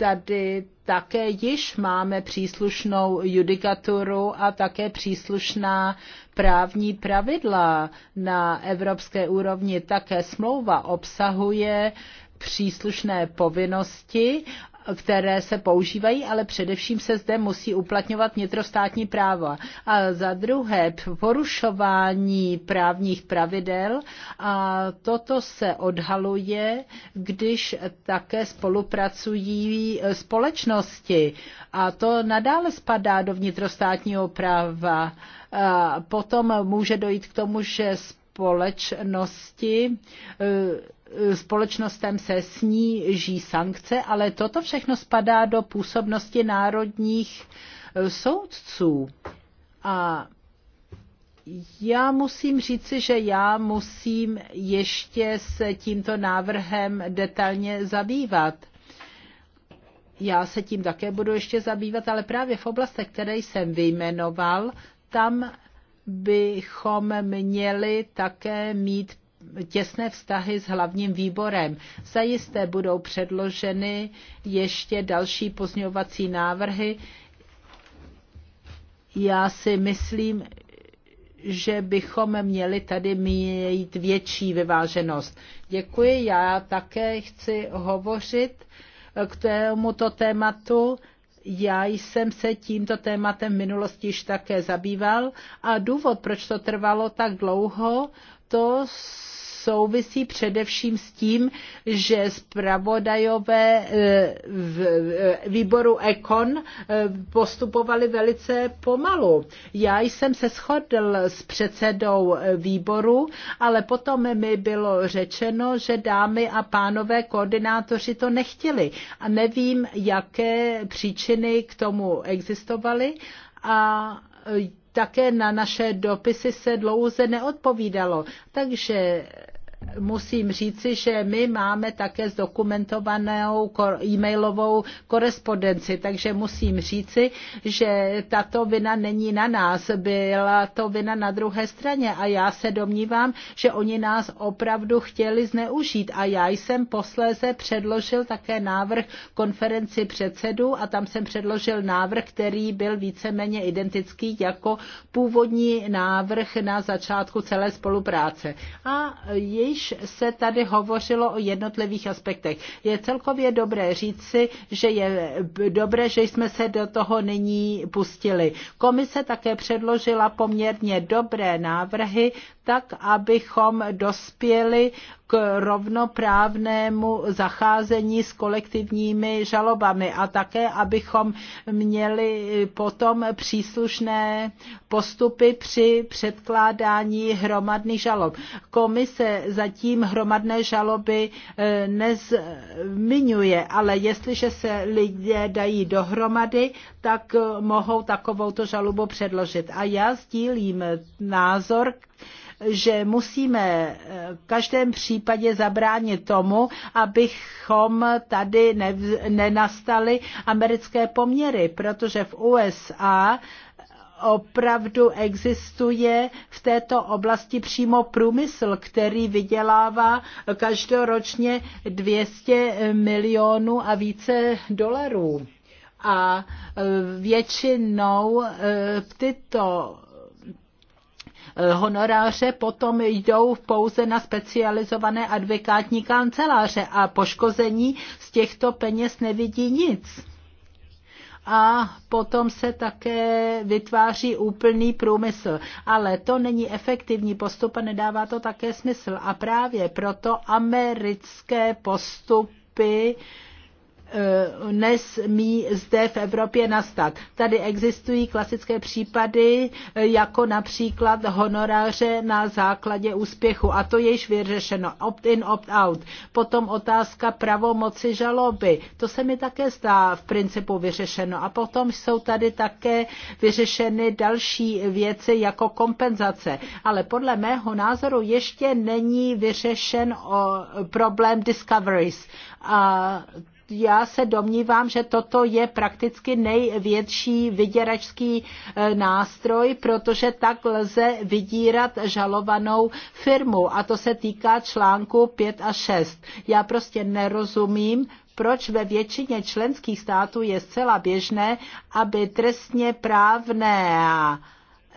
tady také již máme příslušnou judikaturu a také příslušná právní pravidla na evropské úrovni. Také smlouva obsahuje příslušné povinnosti které se používají, ale především se zde musí uplatňovat vnitrostátní práva. A za druhé porušování právních pravidel a toto se odhaluje, když také spolupracují společnosti. A to nadále spadá do vnitrostátního práva. A potom může dojít k tomu, že společnosti společnostem se sníží sankce, ale toto všechno spadá do působnosti národních eh, soudců. A já musím říci, že já musím ještě se tímto návrhem detailně zabývat. Já se tím také budu ještě zabývat, ale právě v oblastech, které jsem vyjmenoval, tam bychom měli také mít těsné vztahy s hlavním výborem. Zajisté budou předloženy ještě další pozňovací návrhy. Já si myslím, že bychom měli tady mít větší vyváženost. Děkuji, já také chci hovořit k tomuto tématu. Já jsem se tímto tématem v minulosti již také zabýval a důvod, proč to trvalo tak dlouho, to souvisí především s tím, že zpravodajové eh, v eh, výboru Econ eh, postupovali velice pomalu. Já jsem se shodl s předsedou výboru, ale potom mi bylo řečeno, že dámy a pánové koordinátoři to nechtěli. A nevím, jaké příčiny k tomu existovaly. A také na naše dopisy se dlouze neodpovídalo. Takže musím říci, že my máme také zdokumentovanou e-mailovou korespondenci, takže musím říci, že tato vina není na nás, byla to vina na druhé straně a já se domnívám, že oni nás opravdu chtěli zneužít a já jsem posléze předložil také návrh konferenci předsedů a tam jsem předložil návrh, který byl víceméně identický jako původní návrh na začátku celé spolupráce. A její když se tady hovořilo o jednotlivých aspektech. Je celkově dobré říci, že je dobré, že jsme se do toho nyní pustili. Komise také předložila poměrně dobré návrhy, tak, abychom dospěli k rovnoprávnému zacházení s kolektivními žalobami a také, abychom měli potom příslušné postupy při předkládání hromadných žalob. Komise zatím hromadné žaloby e, nezmiňuje, ale jestliže se lidé dají dohromady, tak mohou takovouto žalobu předložit. A já sdílím názor, že musíme eh, v každém případě zabránit tomu, abychom tady nenastali americké poměry, protože v USA opravdu existuje v této oblasti přímo průmysl, který vydělává každoročně 200 milionů a více dolarů. A eh, většinou eh, tyto Eh, honoráře potom jdou pouze na specializované advokátní kanceláře a poškození z těchto peněz nevidí nic a potom se také vytváří úplný průmysl. Ale to není efektivní postup a nedává to také smysl. A právě proto americké postupy Eh, nesmí zde v Evropě nastat. Tady existují klasické případy, eh, jako například honoráře na základě úspěchu. A to je již vyřešeno. Opt-in, opt-out. Potom otázka pravomoci žaloby. To se mi také zdá v principu vyřešeno. A potom jsou tady také vyřešeny další věci jako kompenzace. Ale podle mého názoru ještě není vyřešen o eh, problém discoveries. A já se domnívám, že toto je prakticky největší vyděračský e, nástroj, protože tak lze vydírat žalovanou firmu. A to se týká článku 5 a 6. Já prostě nerozumím, proč ve většině členských států je zcela běžné, aby trestně právné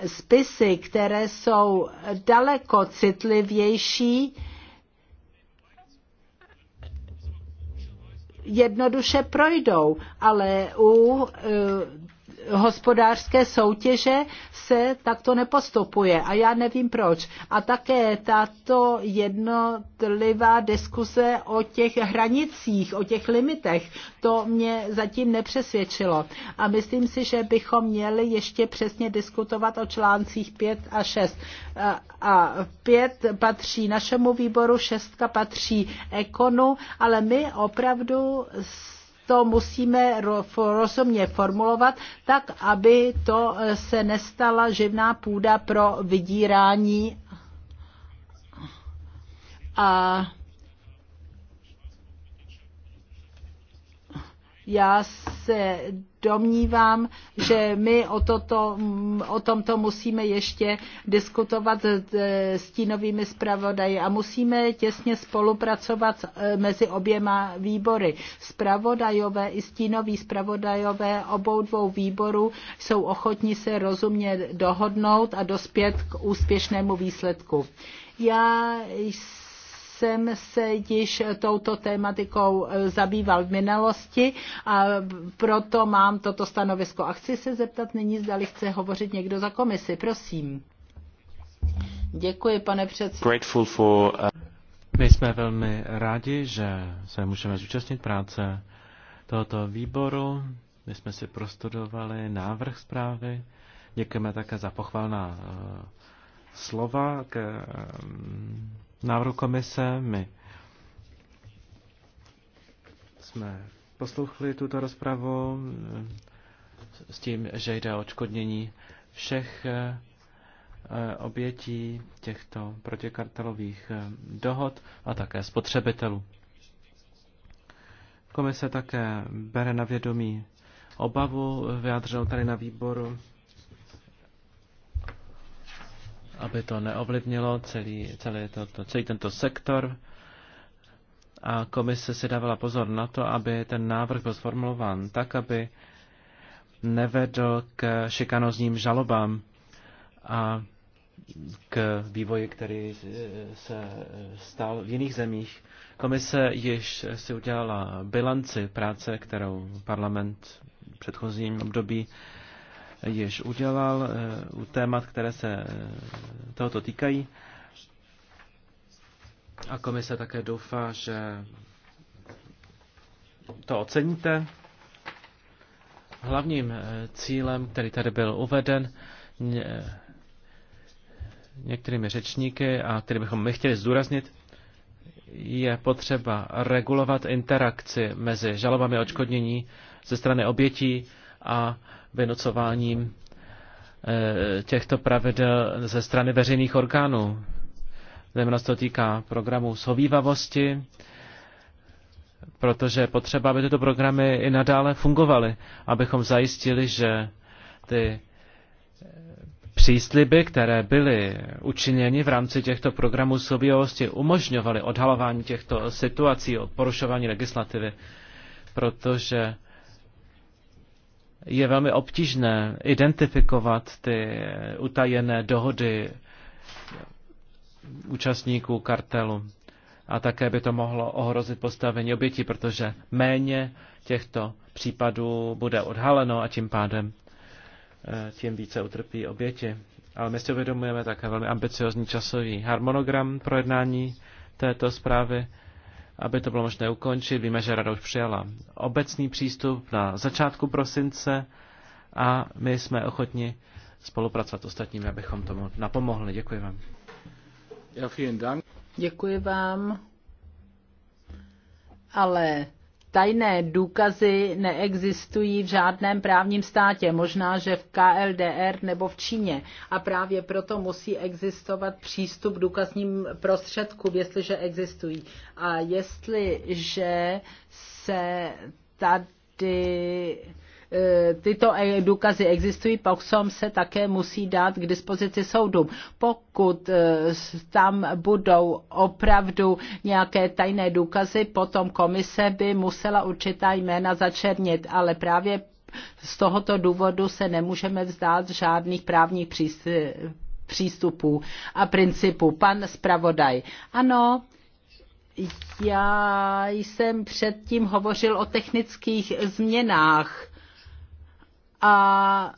spisy, které jsou daleko citlivější, jednoduše projdou, ale u eh, hospodářské soutěže se takto nepostupuje a já nevím proč. A také tato jednotlivá diskuse o těch hranicích, o těch limitech, to mě zatím nepřesvědčilo. A myslím si, že bychom měli ještě přesně diskutovat o článcích 5 a 6. A 5 patří našemu výboru, 6 patří ekonu, ale my opravdu to musíme rozumně formulovat, tak aby to eh, se nestala živná půda pro vydírání a já se domnívám, že my o, toto, mm, o tomto musíme ještě diskutovat s e, tínovými zpravodaji a musíme těsně spolupracovat e, mezi oběma výbory. Spravodajové i stínoví zpravodajové obou dvou výborů jsou ochotní se rozumně dohodnout a dospět k úspěšnému výsledku. Já jsem jsem se již touto tématikou eh, zabýval v minulosti a proto mám toto stanovisko. A chci se zeptat nyní, zdali chce hovořit někdo za komisi. Prosím. Děkuji, pane předsedo.
Uh, My jsme velmi rádi, že se můžeme zúčastnit práce tohoto výboru. My jsme si prostudovali návrh zprávy. Děkujeme také za pochvalná uh, slova k eh, návrhu komise. My jsme poslouchli tuto rozpravu eh, s tím, že jde o odškodnění všech eh, eh, obětí těchto protikartelových dohod a také spotřebitelů. Komise také bere na vědomí obavu vyjádřil tady na výboru aby to neovlivnilo celý, celý, to, celý tento sektor. A komise si dávala pozor na to, aby ten návrh byl sformulován tak, aby nevedl k šikanozním žalobám a k vývoji, který se stal v jiných zemích. Komise již si udělala bilanci práce, kterou parlament v předchozím období již udělal eh, u témat, které se eh, tohoto týkají. A komise také doufá, že to oceníte. Hlavním eh, cílem, který tady byl uveden některými řečníky a který bychom my chtěli zdůraznit, je potřeba regulovat interakci mezi žalobami odškodnění ze strany obětí a vynucováním eh, těchto pravidel ze strany veřejných orgánů. Zejména se to týká programů sovývavosti, protože je potřeba, aby tyto programy i nadále fungovaly, abychom zajistili, že ty eh, přísliby, které byly učiněny v rámci těchto programů shovívavosti, umožňovaly odhalování těchto situací o porušování legislativy, protože je velmi obtížné identifikovat ty utajené dohody účastníků kartelu. A také by to mohlo ohrozit postavení oběti, protože méně těchto případů bude odhaleno a tím pádem eh, tím více utrpí oběti. Ale my si uvědomujeme také velmi ambiciozní časový harmonogram projednání této zprávy aby to bylo možné ukončit. Víme, že Rada už přijala obecný přístup na začátku prosince a my jsme ochotni spolupracovat s ostatními, abychom tomu napomohli. Děkuji vám.
Děkuji vám. Ale tajné důkazy neexistují v žádném právním státě, možná, že v KLDR nebo v Číně. A právě proto musí existovat přístup k důkazním prostředkům, jestliže existují. A jestliže se tady Eh, tyto e, důkazy existují, som se také musí dát k dispozici soudům. Pokud eh, tam budou opravdu nějaké tajné důkazy, potom komise by musela určitá jména začernit, ale právě z tohoto důvodu se nemůžeme vzdát žádných právních eh, přístupů a principů. Pan zpravodaj. Ano, já jsem předtím hovořil o technických změnách a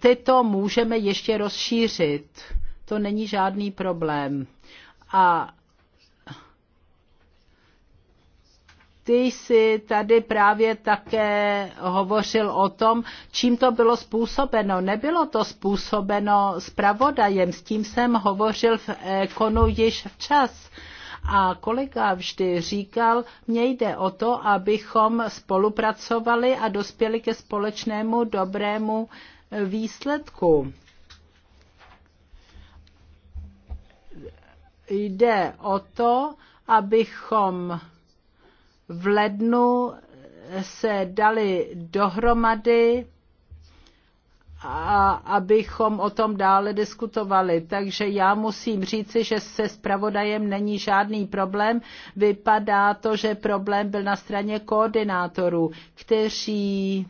tyto můžeme ještě rozšířit. To není žádný problém. A ty jsi tady právě také hovořil o tom, čím to bylo způsobeno. Nebylo to způsobeno zpravodajem, s tím jsem hovořil v eh, Konu již včas. A kolega vždy říkal, mně jde o to, abychom spolupracovali a dospěli ke společnému dobrému eh, výsledku. Jde o to, abychom v lednu eh, se dali dohromady a abychom o tom dále diskutovali. Takže já musím říci, že se zpravodajem není žádný problém. Vypadá to, že problém byl na straně koordinátorů, kteří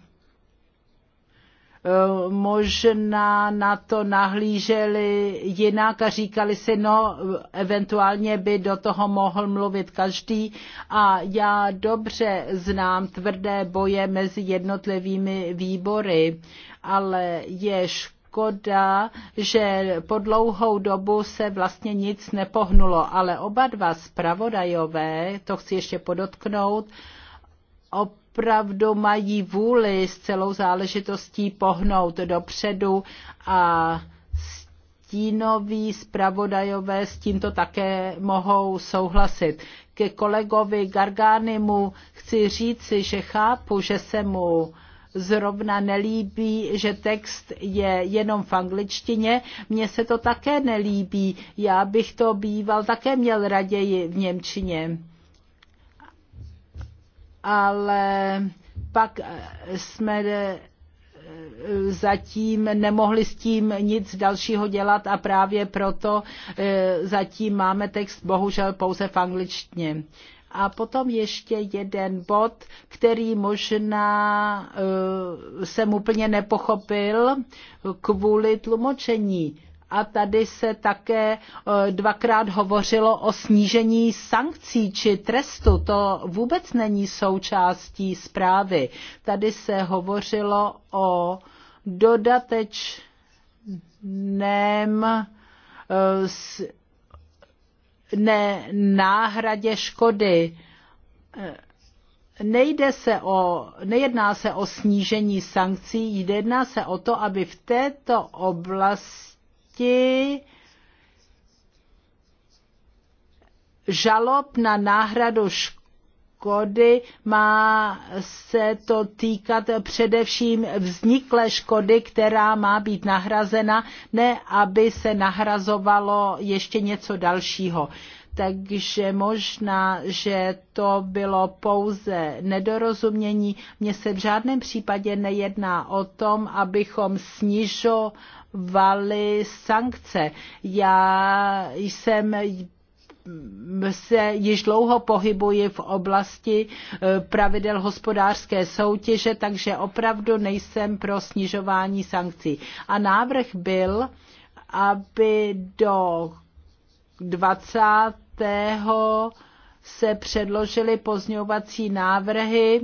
Eh, možná na to nahlíželi jinak a říkali si, no, eventuálně by do toho mohl mluvit každý a já dobře znám tvrdé boje mezi jednotlivými výbory, ale je škoda, že po dlouhou dobu se vlastně nic nepohnulo, ale oba dva zpravodajové, to chci ještě podotknout, op opravdu mají vůli s celou záležitostí pohnout dopředu a stínoví zpravodajové s tímto také mohou souhlasit. Ke kolegovi Garganimu chci říci, že chápu, že se mu zrovna nelíbí, že text je jenom v angličtině. Mně se to také nelíbí. Já bych to býval také měl raději v Němčině ale pak eh, jsme eh, zatím nemohli s tím nic dalšího dělat a právě proto eh, zatím máme text bohužel pouze v angličtině. A potom ještě jeden bod, který možná uh, jsem úplně nepochopil kvůli tlumočení a tady se také eh, dvakrát hovořilo o snížení sankcí či trestu. To vůbec není součástí zprávy. Tady se hovořilo o dodatečném eh, ne náhradě škody. Eh, nejde se o, nejedná se o snížení sankcí, jedná se o to, aby v této oblasti proti žalob na náhradu škody má se to týkat především vzniklé škody, která má být nahrazena, ne aby se nahrazovalo ještě něco dalšího takže možná, že to bylo pouze nedorozumění. Mně se v žádném případě nejedná o tom, abychom snižovali valy sankce. Já jsem se již dlouho pohybuji v oblasti eh, pravidel hospodářské soutěže, takže opravdu nejsem pro snižování sankcí. A návrh byl, aby do 20. se předložily pozňovací návrhy,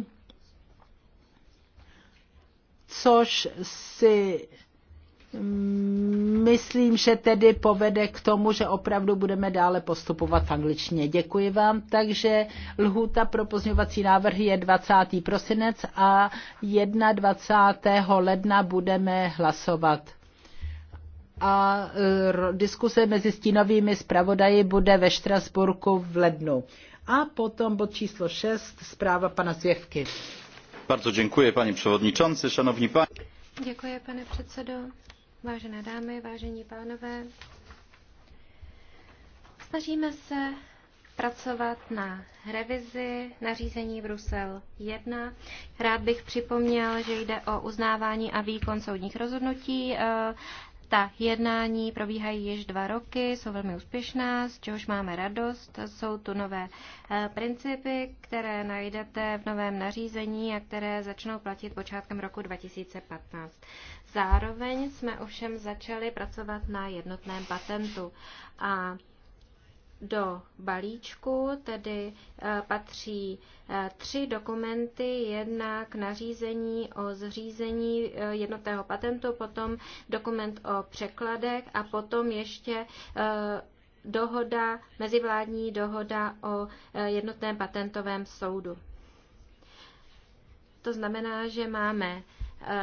což si myslím, že tedy povede k tomu, že opravdu budeme dále postupovat v angličtině. Děkuji vám. Takže lhůta pro pozměňovací návrhy je 20. prosinec a 21. ledna budeme hlasovat. A e, diskuse mezi stínovými zpravodaji bude ve Štrasburku v lednu. A potom bod číslo 6, zpráva pana Zvěvky. Bardzo dziękuję panie przewodniczący, szanowni panie. Děkuji,
pane předsedo. Vážené dámy, vážení pánové, snažíme se pracovat na revizi nařízení Brusel 1. Rád bych připomněl, že jde o uznávání a výkon soudních rozhodnutí. Eh, ta jednání probíhají již dva roky, jsou velmi úspěšná, z čehož máme radost. Jsou tu nové eh, principy, které najdete v novém nařízení a které začnou platit počátkem roku 2015. Zároveň jsme ovšem začali pracovat na jednotném patentu a do balíčku, tedy eh, patří eh, tři dokumenty, jednak nařízení o zřízení eh, jednotného patentu, potom dokument o překladek a potom ještě dohoda, mezivládní dohoda o jednotném patentovém soudu. To znamená, že máme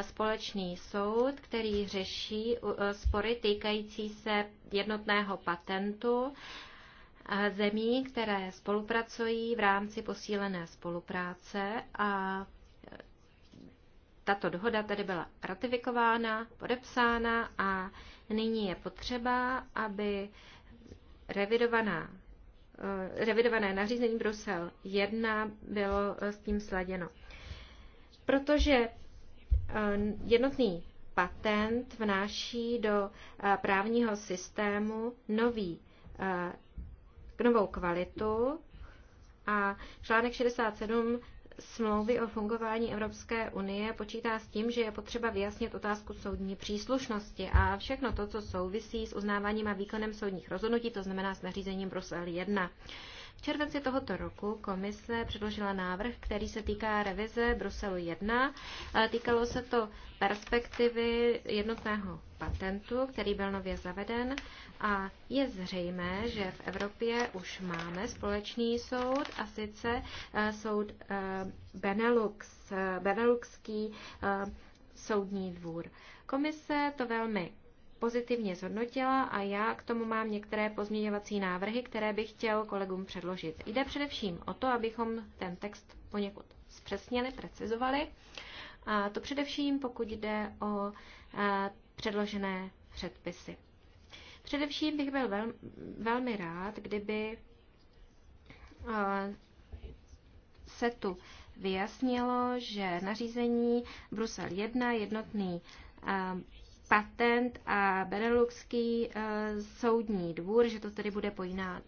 společný soud, který řeší spory týkající se jednotného patentu zemí, které spolupracují v rámci posílené spolupráce a e, tato dohoda tedy byla ratifikována, podepsána a nyní je potřeba, aby revidovaná, e, revidované nařízení Brusel 1 bylo e, s tím sladěno. Protože jednotný patent vnáší do právního systému nový novou kvalitu a článek 67 smlouvy o fungování Evropské unie počítá s tím, že je potřeba vyjasnit otázku soudní příslušnosti a všechno to, co souvisí s uznáváním a výkonem soudních rozhodnutí, to znamená s nařízením Brusel 1. V červenci tohoto roku komise předložila návrh, který se týká revize Bruselu 1. Týkalo se to perspektivy jednotného patentu, který byl nově zaveden a je zřejmé, že v Evropě už máme společný soud a sice eh, soud eh, Benelux, eh, Beneluxský soudní dvůr. Komise to velmi pozitivně zhodnotila a já k tomu mám některé pozměňovací návrhy, které bych chtěl kolegům předložit. Jde především o to, abychom ten text poněkud zpřesnili, precizovali. A to především, pokud jde o předložené předpisy. Především bych byl vel, velmi rád, kdyby se tu vyjasnilo, že nařízení Brusel 1, jednotný patent a Beneluxský eh, soudní dvůr, že to tedy bude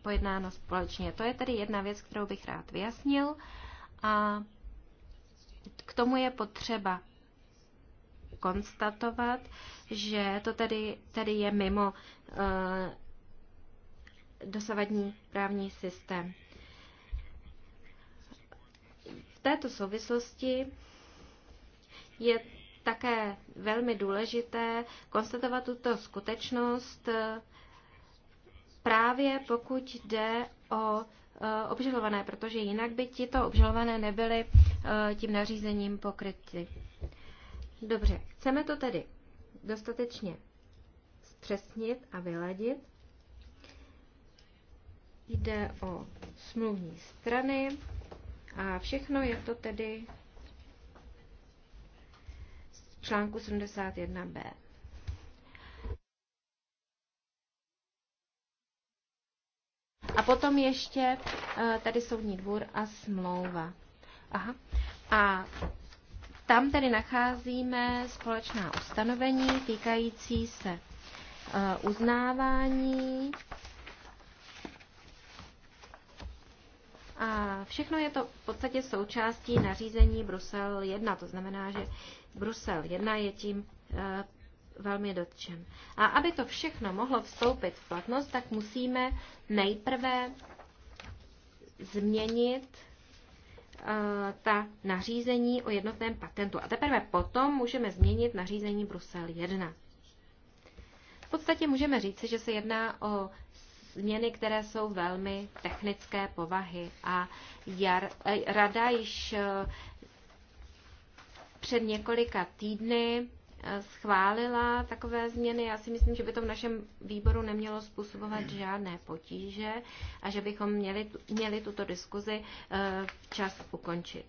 pojednáno společně. To je tedy jedna věc, kterou bych rád vyjasnil a k tomu je potřeba konstatovat, že to tedy, tedy je mimo eh, dosavadní právní systém. V této souvislosti je také velmi důležité konstatovat tuto skutečnost eh, právě pokud jde o eh, obžalované, protože jinak by tito obžalované nebyly eh, tím nařízením pokryty. Dobře, chceme to tedy dostatečně zpřesnit a vyladit. Jde o smluvní strany a všechno je to tedy článku 71b. A potom ještě eh, tady soudní dvůr a smlouva. Aha. A tam tedy nacházíme společná ustanovení týkající se eh, uznávání A všechno je to v podstatě součástí nařízení Brusel 1, to znamená, že Brusel 1 je tím eh, velmi dotčen. A aby to všechno mohlo vstoupit v platnost, tak musíme nejprve změnit eh, ta nařízení o jednotném patentu. A teprve potom můžeme změnit nařízení Brusel 1. V podstatě můžeme říct, že se jedná o změny, které jsou velmi technické povahy a jar, eh, rada již eh, před několika týdny eh, schválila takové změny. Já si myslím, že by to v našem výboru nemělo způsobovat žádné potíže a že bychom měli, měli tuto diskuzi včas ukončit.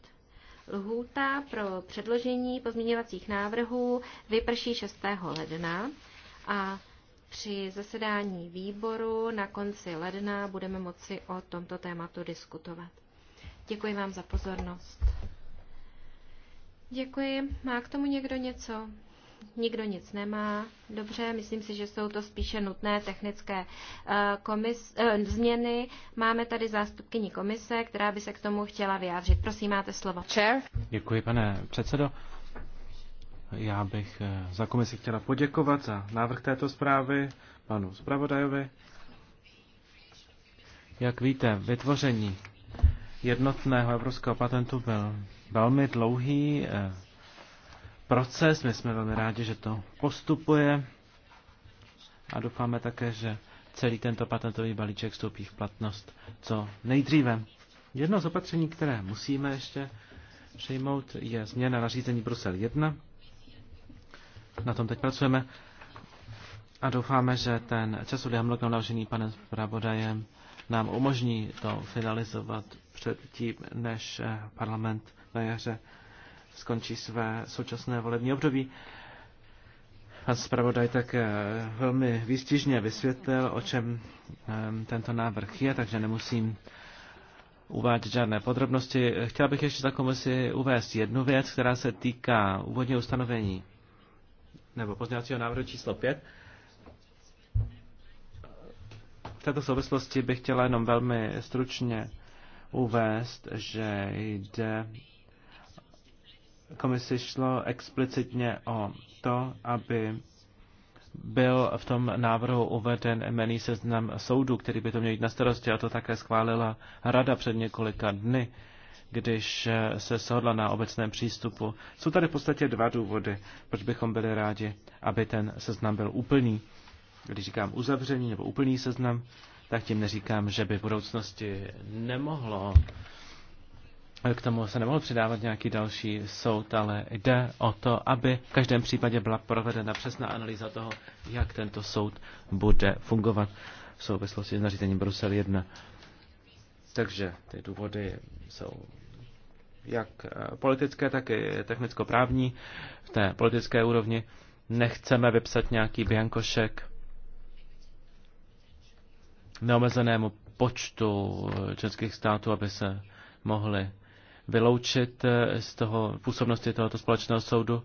Lhůta pro předložení pozměňovacích návrhů vyprší 6. ledna a při zasedání výboru na konci ledna budeme moci o tomto tématu diskutovat. Děkuji vám za pozornost. Děkuji. Má k tomu někdo něco? Nikdo nic nemá. Dobře, myslím si, že jsou to spíše nutné technické eh, komis, eh, změny. Máme tady zástupkyni komise, která by se k tomu chtěla vyjádřit. Prosím, máte slovo. Chair.
Děkuji, pane předsedo. Já bych eh, za komisi chtěla poděkovat za návrh této zprávy panu zpravodajovi. Jak víte, vytvoření jednotného evropského patentu byl velmi dlouhý eh, proces. My jsme velmi rádi, že to postupuje a doufáme také, že celý tento patentový balíček vstoupí v platnost co nejdříve. Jedno z opatření, které musíme ještě přijmout, je změna nařízení Brusel 1 na tom teď pracujeme a doufáme, že ten časový harmonogram navržený panem zpravodajem nám umožní to finalizovat před tím, než eh, parlament na jaře skončí své současné volební období. Pan zpravodaj také eh, velmi výstižně vysvětlil, o čem eh, tento návrh je, takže nemusím uvádět žádné podrobnosti. Chtěl bych ještě za komisi uvést jednu věc, která se týká úvodního ustanovení nebo pozdějacího návrhu číslo 5. V této souvislosti bych chtěla jenom velmi stručně uvést, že jde komisi šlo explicitně o to, aby byl v tom návrhu uveden jmený seznam soudů, který by to měl jít na starosti a to také schválila rada před několika dny když eh, se shodla na obecném přístupu. Jsou tady v podstatě dva důvody, proč bychom byli rádi, aby ten seznam byl úplný. Když říkám uzavřený nebo úplný seznam, tak tím neříkám, že by v budoucnosti nemohlo eh, k tomu se nemohl přidávat nějaký další soud, ale jde o to, aby v každém případě byla provedena přesná analýza toho, jak tento soud bude fungovat v souvislosti s nařízením Brusel 1. Takže ty důvody jsou jak eh, politické, tak i technicko-právní, v té politické úrovni. Nechceme vypsat nějaký biankošek neomezenému počtu českých států, aby se mohli vyloučit eh, z toho působnosti tohoto společného soudu.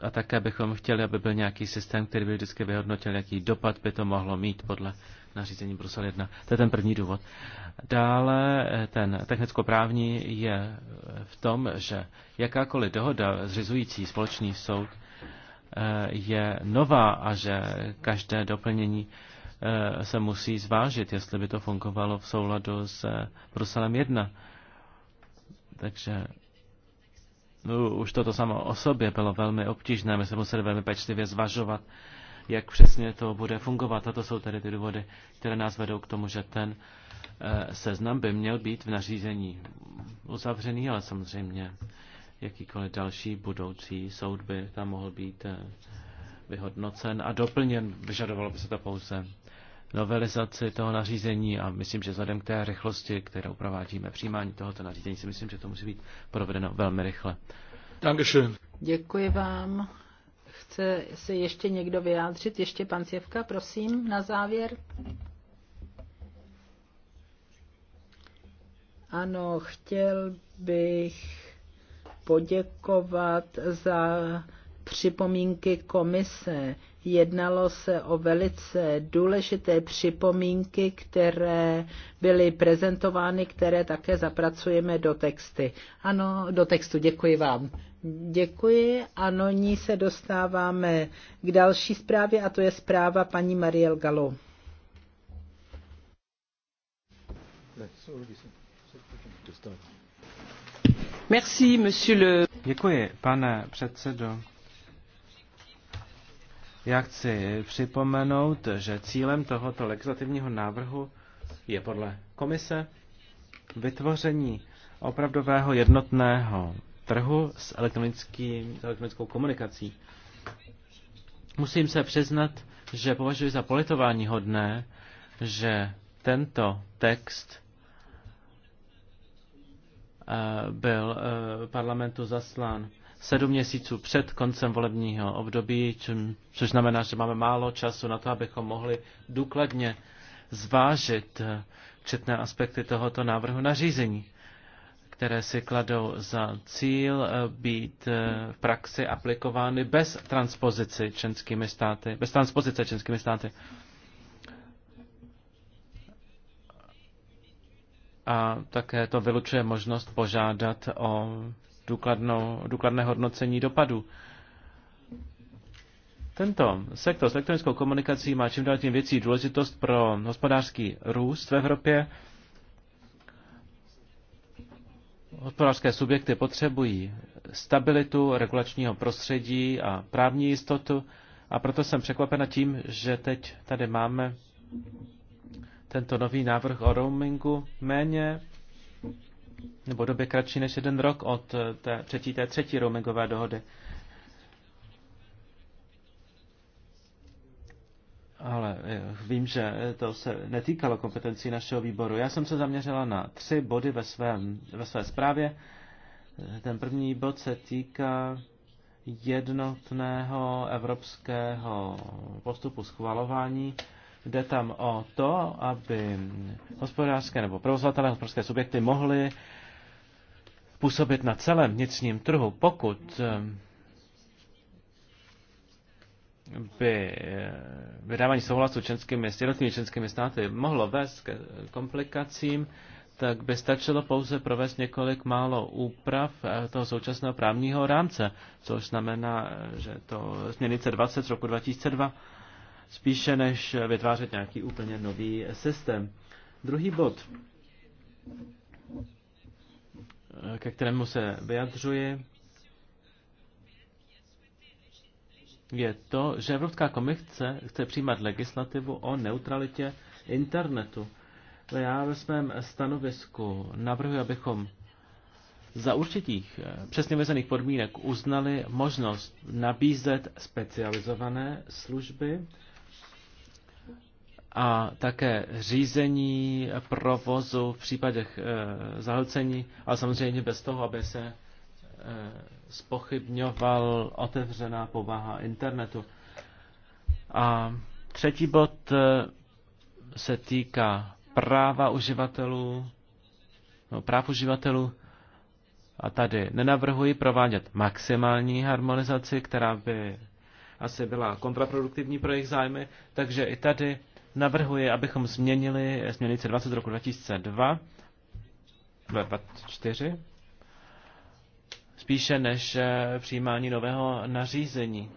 A také bychom chtěli, aby byl nějaký systém, který by vždycky vyhodnotil, jaký dopad by to mohlo mít podle nařízení Brusel 1. To je ten první důvod. Dále eh, ten technicko-právní je eh, v tom, že jakákoliv dohoda zřizující společný soud eh, je nová a že každé doplnění se musí zvážit, jestli by to fungovalo v souladu s Bruselem 1. Takže no, už toto samo o sobě bylo velmi obtížné, my se museli velmi pečlivě zvažovat, jak přesně to bude fungovat. A to jsou tedy ty důvody, které nás vedou k tomu, že ten eh, seznam by měl být v nařízení uzavřený, ale samozřejmě jakýkoliv další budoucí soud by tam mohl být eh, vyhodnocen a doplněn. Vyžadovalo by se to pouze novelizaci toho nařízení a myslím, že vzhledem k té rychlosti, kterou provádíme přijímání tohoto nařízení, si myslím, že to musí být provedeno velmi rychle. Dankeschön.
Děkuji vám chce se ještě někdo vyjádřit? Ještě pan Cěvka, prosím, na závěr. Ano, chtěl bych poděkovat za připomínky komise. Jednalo se o velice důležité připomínky, které byly prezentovány, které také zapracujeme do texty. Ano, do textu. Děkuji vám. Děkuji Ano, ní se dostáváme k další zprávě a to je zpráva paní Mariel Galo.
Merci, monsieur le... Děkuji, pane předsedo. Já chci připomenout, že cílem tohoto legislativního návrhu je podle komise vytvoření opravdového jednotného trhu s, elektronickým, s elektronickou komunikací. Musím se přiznat, že považuji za politování hodné, že tento text eh, byl eh, parlamentu zaslán sedm měsíců před koncem volebního období, což znamená, že máme málo času na to, abychom mohli důkladně zvážit eh, četné aspekty tohoto návrhu nařízení které si kladou za cíl eh, být eh, v praxi aplikovány bez transpozice členskými státy. Bez transpozice členskými státy. A také to vylučuje možnost požádat o důkladnou, důkladné hodnocení dopadů. Tento sektor s elektronickou komunikací má čím dál tím větší důležitost pro hospodářský růst v Evropě Hospodářské subjekty potřebují stabilitu regulačního prostředí a právní jistotu a proto jsem překvapena tím, že teď tady máme tento nový návrh o roamingu méně nebo době kratší než jeden rok od té, třetí, té třetí roamingové dohody. Ale eh, vím, že eh, to se netýkalo kompetencí našeho výboru. Já jsem se zaměřila na tři body ve, svém, ve své zprávě. Eh, ten první bod se týká jednotného evropského postupu schvalování. Jde tam o to, aby hospodářské nebo provozovatelé hospodářské subjekty mohly působit na celém vnitřním trhu, pokud by eh, vydávání souhlasu členskými, s jednotlivými členskými státy mohlo vést k komplikacím, tak by stačilo pouze provést několik málo úprav eh, toho současného právního rámce, což znamená, eh, že to směrnice 20 z roku 2002 spíše než vytvářet nějaký úplně nový systém. Druhý bod, ke kterému se vyjadřuji, je to, že Evropská komise chce přijímat legislativu o neutralitě internetu. Já ve svém stanovisku navrhuji, abychom za určitých eh, přesně vezených podmínek uznali možnost nabízet specializované služby a také řízení provozu v případech eh, zahlcení, ale samozřejmě bez toho, aby se Eh, spochybňoval otevřená povaha internetu. A třetí bod eh, se týká práva uživatelů, no, práv uživatelů. A tady nenavrhuji provádět maximální harmonizaci, která by asi byla kontraproduktivní pro jejich zájmy, takže i tady navrhuji, abychom změnili směrnice 20 roku 2002 24 spíše než eh, přijímání nového nařízení.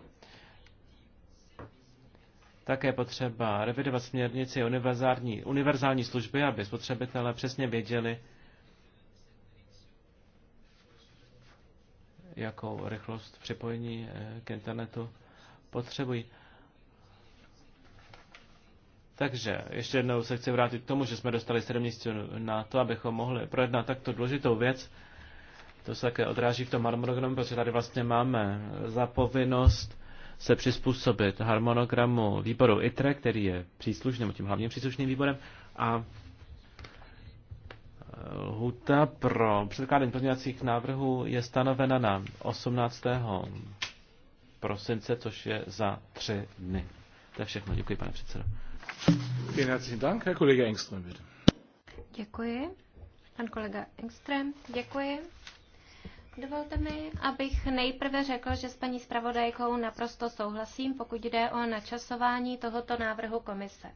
Také potřeba revidovat směrnici univerzální, univerzální služby, aby spotřebitelé přesně věděli, jakou rychlost připojení eh, k internetu potřebují. Takže ještě jednou se chci vrátit k tomu, že jsme dostali 7 měsíců na to, abychom mohli projednat takto důležitou věc. To se také odráží v tom harmonogramu, protože tady vlastně máme povinnost se přizpůsobit harmonogramu výboru ITRE, který je příslušným, tím hlavním příslušným výborem, a huta eh, pro předkládání pozměňovacích návrhů je stanovena na 18. prosince, což je za tři dny. To je všechno. Děkuji, pane předsedo.
Děkuji. Pan kolega Engström, děkuji. Dovolte mi, abych nejprve řekl, že s paní zpravodajkou naprosto souhlasím, pokud jde o načasování tohoto návrhu komise.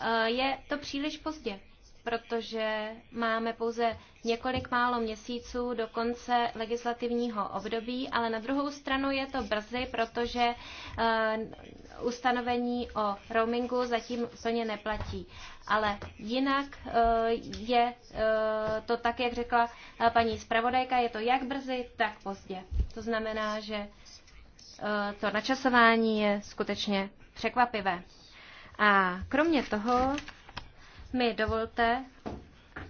Eh, je to příliš pozdě protože máme pouze několik málo měsíců do konce legislativního období, ale na druhou stranu je to brzy, protože uh, ustanovení o roamingu zatím plně neplatí. Ale jinak uh, je uh, to tak, jak řekla paní zpravodajka, je to jak brzy, tak pozdě. To znamená, že to načasování je skutečně překvapivé. A kromě toho mi dovolte,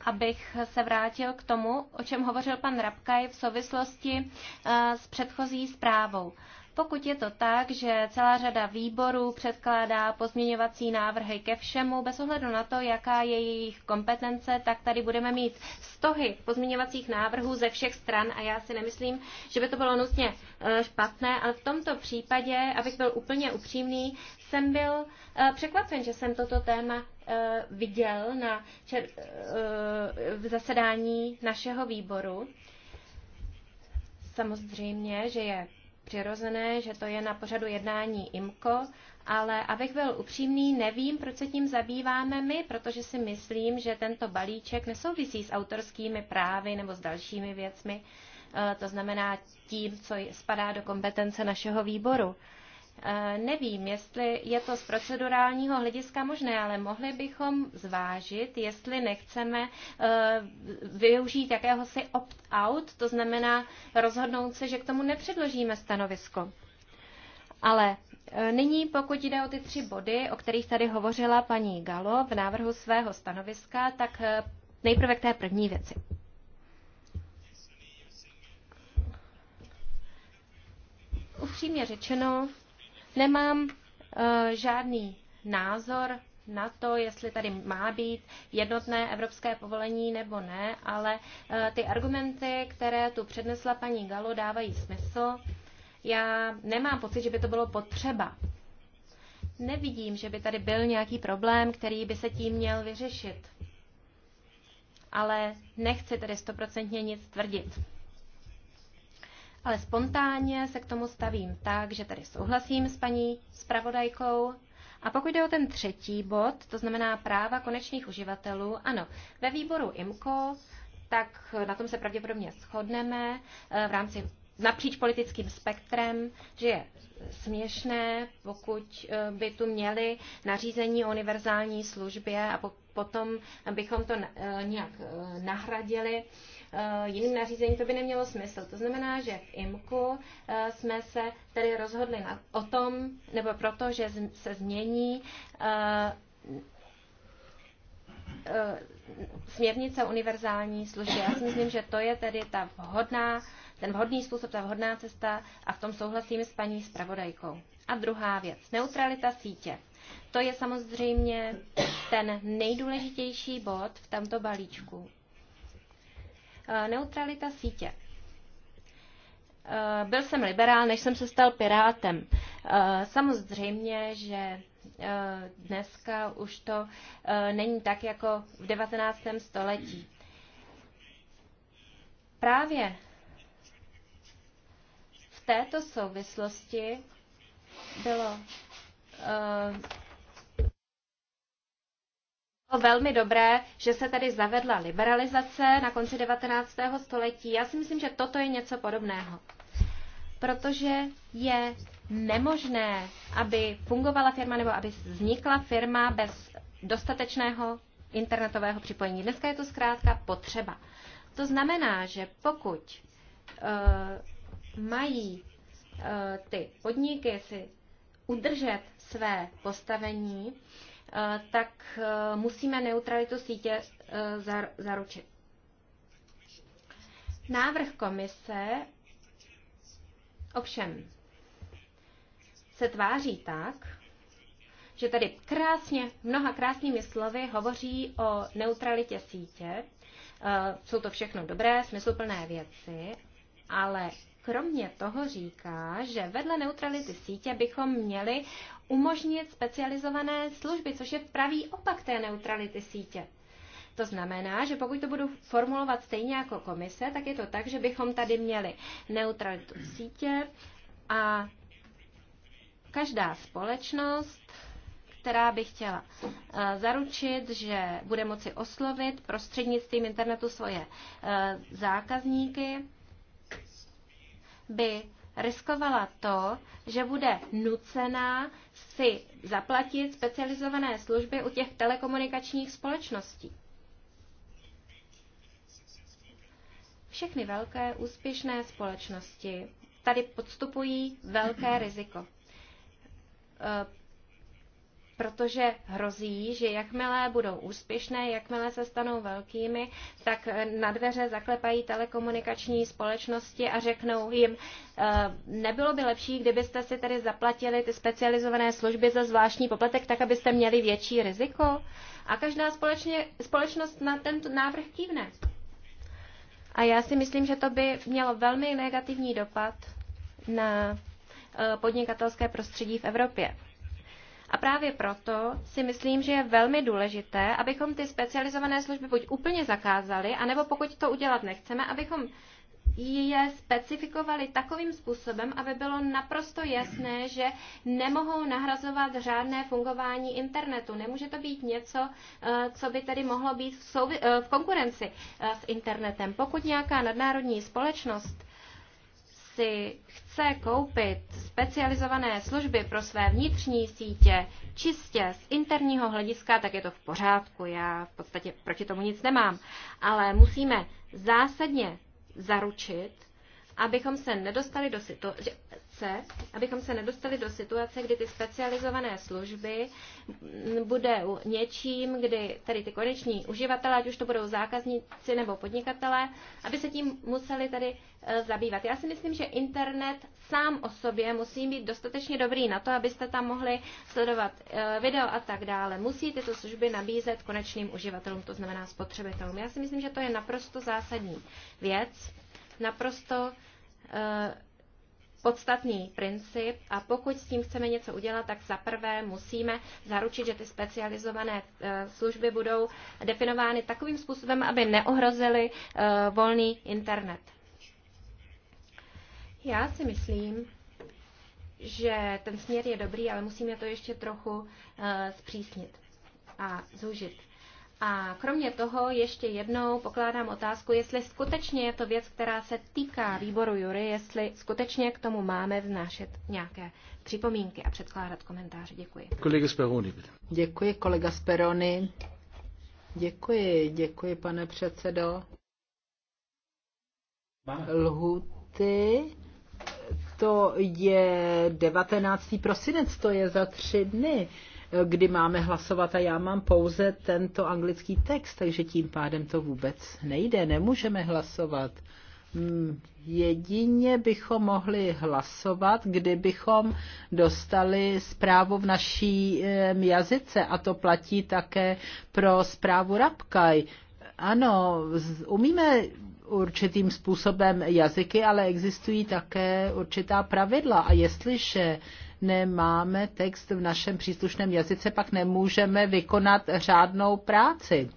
abych se vrátil k tomu, o čem hovořil pan Rabkaj v souvislosti eh, s předchozí zprávou. Pokud je to tak, že celá řada výborů předkládá pozměňovací návrhy ke všemu, bez ohledu na to, jaká je jejich kompetence, tak tady budeme mít stohy pozměňovacích návrhů ze všech stran a já si nemyslím, že by to bylo nutně eh, špatné, ale v tomto případě, abych byl úplně upřímný, jsem byl eh, překvapen, že jsem toto téma eh, viděl na čer- eh, v zasedání našeho výboru. Samozřejmě, že je přirozené, že to je na pořadu jednání IMKO, ale abych byl upřímný, nevím, proč se tím zabýváme my, protože si myslím, že tento balíček nesouvisí s autorskými právy nebo s dalšími věcmi, to znamená tím, co spadá do kompetence našeho výboru. Eh, nevím, jestli je to z procedurálního hlediska možné, ale mohli bychom zvážit, jestli nechceme eh, využít jakéhosi opt-out, to znamená rozhodnout se, že k tomu nepředložíme stanovisko. Ale eh, nyní, pokud jde o ty tři body, o kterých tady hovořila paní Galo v návrhu svého stanoviska, tak nejprve k té první věci. Upřímně řečeno, Nemám eh, žádný názor na to, jestli tady má být jednotné evropské povolení nebo ne, ale eh, ty argumenty, které tu přednesla paní Galo, dávají smysl. Já nemám pocit, že by to bylo potřeba. Nevidím, že by tady byl nějaký problém, který by se tím měl vyřešit. Ale nechci tedy stoprocentně nic tvrdit ale spontánně se k tomu stavím tak, že tady souhlasím s paní zpravodajkou. A pokud jde o ten třetí bod, to znamená práva konečných uživatelů, ano, ve výboru IMCO, tak na tom se pravděpodobně shodneme eh, v rámci napříč politickým spektrem, že je směšné, pokud eh, by tu měli nařízení o univerzální službě a potom bychom to eh, nějak nahradili Eh, jiným nařízením, to by nemělo smysl. To znamená, že v IMKU eh, jsme se tedy rozhodli o tom, nebo proto, že se změní eh, směrnice univerzální služby. Já si myslím, že to je tedy ta vhodná, ten vhodný způsob, ta vhodná cesta a v tom souhlasím s paní zpravodajkou. A druhá věc, neutralita sítě. To je samozřejmě ten nejdůležitější bod v tomto balíčku. Eh, neutralita sítě. Eh, byl jsem liberál, než jsem se stal pirátem. Eh, samozřejmě, že dneska už to není tak jako v 19. století. Právě v této souvislosti bylo bylo velmi dobré, že se tady zavedla liberalizace na konci 19. století. Já si myslím, že toto je něco podobného. Protože je nemožné, aby fungovala firma nebo aby vznikla firma bez dostatečného internetového připojení. Dneska je to zkrátka potřeba. To znamená, že pokud uh, mají uh, ty podniky si udržet své postavení, uh, Eh, tak eh, musíme neutralitu sítě eh, zaručit. Návrh komise ovšem se tváří tak, že tady krásně, mnoha krásnými slovy hovoří o neutralitě sítě. Jsou to všechno dobré, smysluplné věci, ale kromě toho říká, že vedle neutrality sítě bychom měli umožnit specializované služby, což je pravý opak té neutrality sítě. To znamená, že pokud to budu formulovat stejně jako komise, tak je to tak, že bychom tady měli neutralitu sítě a každá společnost, která by chtěla eh, zaručit, že bude moci oslovit prostřednictvím internetu svoje eh, zákazníky, by riskovala to, že bude nucená si zaplatit specializované služby u těch telekomunikačních společností. Všechny velké úspěšné společnosti tady podstupují velké riziko protože hrozí, že jakmile budou úspěšné, jakmile se stanou velkými, tak eh, na dveře zaklepají telekomunikační společnosti a řeknou jim, eh, nebylo by lepší, kdybyste si tedy zaplatili ty specializované služby za zvláštní poplatek, tak abyste měli větší riziko. A každá společně, společnost na tento návrh kývne. A já si myslím, že to by mělo velmi negativní dopad na eh, podnikatelské prostředí v Evropě. A právě proto si myslím, že je velmi důležité, abychom ty specializované služby buď úplně zakázali, anebo pokud to udělat nechceme, abychom je specifikovali takovým způsobem, aby bylo naprosto jasné, že nemohou nahrazovat řádné fungování internetu. Nemůže to být něco, eh, co by tedy mohlo být v, souvi- eh, v konkurenci eh, s internetem. Pokud nějaká nadnárodní společnost si chce koupit specializované služby pro své vnitřní sítě čistě z interního hlediska, tak je to v pořádku. Já v podstatě proti tomu nic nemám. Ale musíme zásadně zaručit, abychom se nedostali do situace, chce, abychom se nedostali do situace, kdy ty specializované služby bude něčím, kdy tady ty koneční uživatelé, ať už to budou zákazníci nebo podnikatelé, aby se tím museli tady e, zabývat. Já si myslím, že internet sám o sobě musí být dostatečně dobrý na to, abyste tam mohli sledovat e, video a tak dále. Musí tyto služby nabízet konečným uživatelům, to znamená spotřebitelům. Já si myslím, že to je naprosto zásadní věc, naprosto e, podstatný princip a pokud s tím chceme něco udělat, tak zaprvé musíme zaručit, že ty specializované eh, služby budou definovány takovým způsobem, aby neohrozily eh, volný internet. Já si myslím, že ten směr je dobrý, ale musíme to ještě trochu eh, zpřísnit a zúžit. A kromě toho ještě jednou pokládám otázku, jestli skutečně je to věc, která se týká výboru jury, jestli skutečně k tomu máme vnášet nějaké připomínky a předkládat komentáře. Děkuji.
Kolega Speroni. Děkuji, kolega Speroni. Děkuji, děkuji, pane předsedo. Lhuty, to je 19. prosinec, to je za tři dny kdy máme hlasovat a já mám pouze tento anglický text, takže tím pádem to vůbec nejde, nemůžeme hlasovat. Hmm, jedině bychom mohli hlasovat, kdybychom dostali zprávu v naší jazyce a to platí také pro zprávu Rabkaj. Ano, umíme určitým způsobem jazyky, ale existují také určitá pravidla a jestliže nemáme text v našem příslušném jazyce, pak nemůžeme vykonat řádnou práci.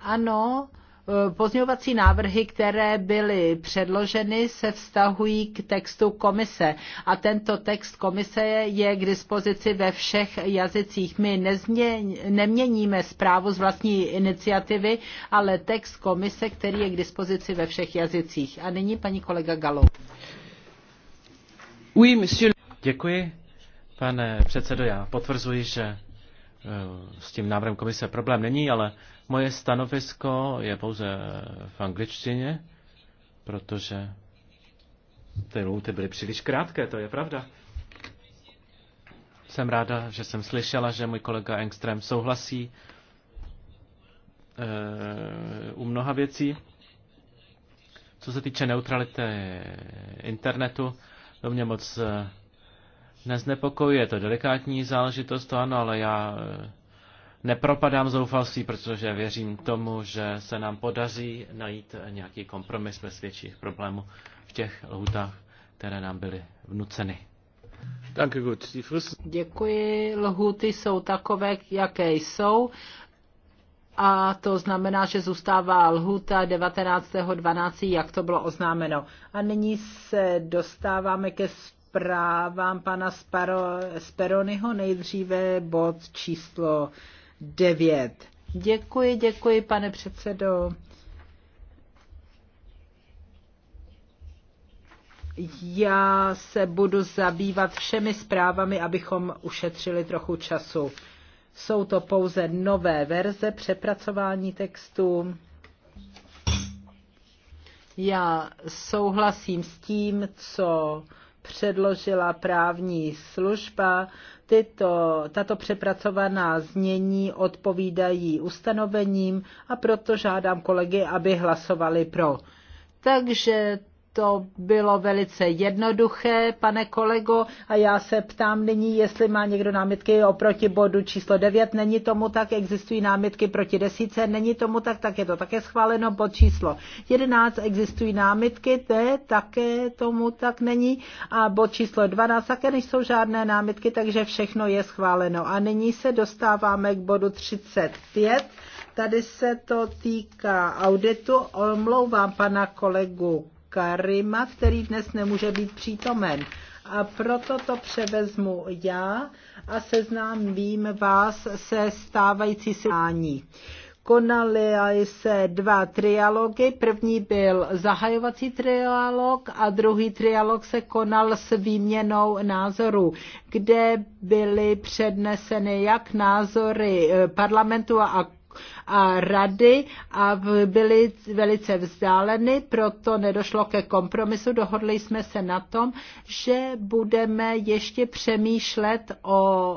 Ano, eh, Pozměňovací návrhy, které byly předloženy, se vztahují k textu komise a tento text komise je k dispozici ve všech jazycích. My nezměň, neměníme zprávu z vlastní iniciativy, ale text komise, který je k dispozici ve všech jazycích. A nyní paní kolega Galo.
Oui, monsieur. Děkuji, Pane předsedo, já potvrzuji, že eh, s tím návrhem komise problém není, ale moje stanovisko je pouze eh, v angličtině, protože ty lůty byly příliš krátké, to je pravda. Jsem ráda, že jsem slyšela, že můj kolega Engström souhlasí e, u mnoha věcí. Co se týče neutrality internetu, to mě moc neznepokojuje. To delikátní záležitost, to ano, ale já eh, nepropadám zoufalství, protože věřím tomu, že se nám podaří najít nějaký kompromis bez větších problémů v těch lhutách, které nám byly vnuceny.
Děkuji. Lhuty jsou takové, jaké jsou. A to znamená, že zůstává lhuta 19.12., jak to bylo oznámeno. A nyní se dostáváme ke zprávám pana Sparo, Speronyho, nejdříve bod číslo 9. Děkuji, děkuji, pane předsedo. Já se budu zabývat všemi zprávami, abychom ušetřili trochu času. Jsou to pouze nové verze přepracování textu. Já souhlasím s tím, co předložila právní služba. Tyto, tato přepracovaná znění odpovídají ustanovením a proto žádám kolegy, aby hlasovali pro. Takže to bylo velice jednoduché, pane kolego, a já se ptám nyní, jestli má někdo námitky oproti bodu číslo 9. Není tomu tak, existují námitky proti desíce, není tomu tak, tak je to také schváleno. Bod číslo 11, existují námitky, to také tomu tak není. A bod číslo 12, také nejsou žádné námitky, takže všechno je schváleno. A nyní se dostáváme k bodu 35. Tady se to týká auditu. Omlouvám pana kolegu Karima, který dnes nemůže být přítomen. A proto to převezmu já a seznámím vás se stávající sání. Konaly se dva trialogy. První byl zahajovací trialog a druhý trialog se konal s výměnou názorů, kde byly předneseny jak názory eh, parlamentu a a rady a byly velice vzdáleny, proto nedošlo ke kompromisu. Dohodli jsme se na tom, že budeme ještě přemýšlet o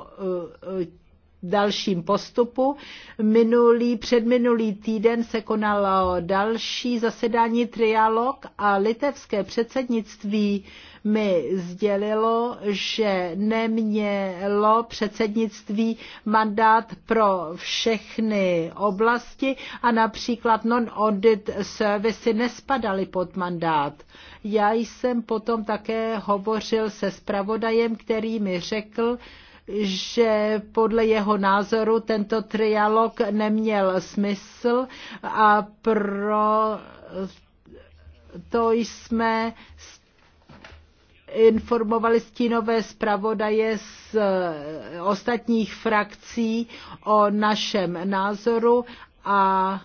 e, dalším postupu. Minulý, předminulý týden se konalo další zasedání trialog a litevské předsednictví mi sdělilo, že nemělo předsednictví mandát pro všechny oblasti a například non-audit servisy nespadaly pod mandát. Já jsem potom také hovořil se spravodajem, který mi řekl, že podle jeho názoru tento trialog neměl smysl a pro to jsme informovali stínové zpravodaje z ostatních frakcí o našem názoru a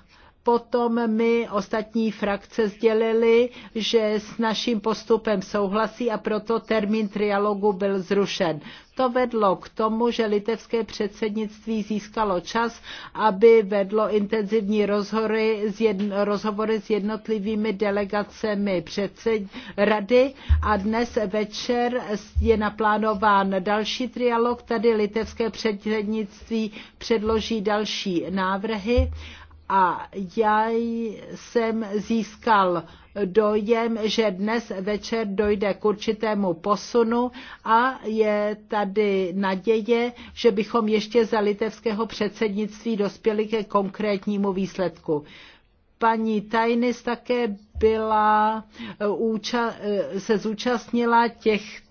Potom my ostatní frakce sdělili, že s naším postupem souhlasí a proto termín trialogu byl zrušen. To vedlo k tomu, že litevské předsednictví získalo čas, aby vedlo intenzivní rozhory s jedn- rozhovory s jednotlivými delegacemi předsed- rady a dnes večer je naplánován další trialog. Tady litevské předsednictví předloží další návrhy a já jsem získal dojem, že dnes večer dojde k určitému posunu a je tady naděje, že bychom ještě za litevského předsednictví dospěli ke konkrétnímu výsledku. Paní Tajnis také byla, se zúčastnila těch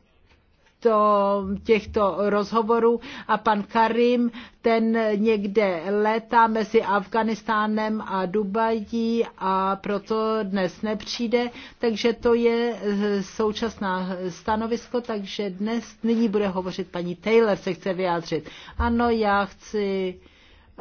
těchto, těchto rozhovorů a pan Karim, ten někde létá mezi Afganistánem a Dubají a proto dnes nepřijde, takže to je eh, současná stanovisko, takže dnes, nyní bude hovořit paní Taylor, se chce vyjádřit. Ano, já chci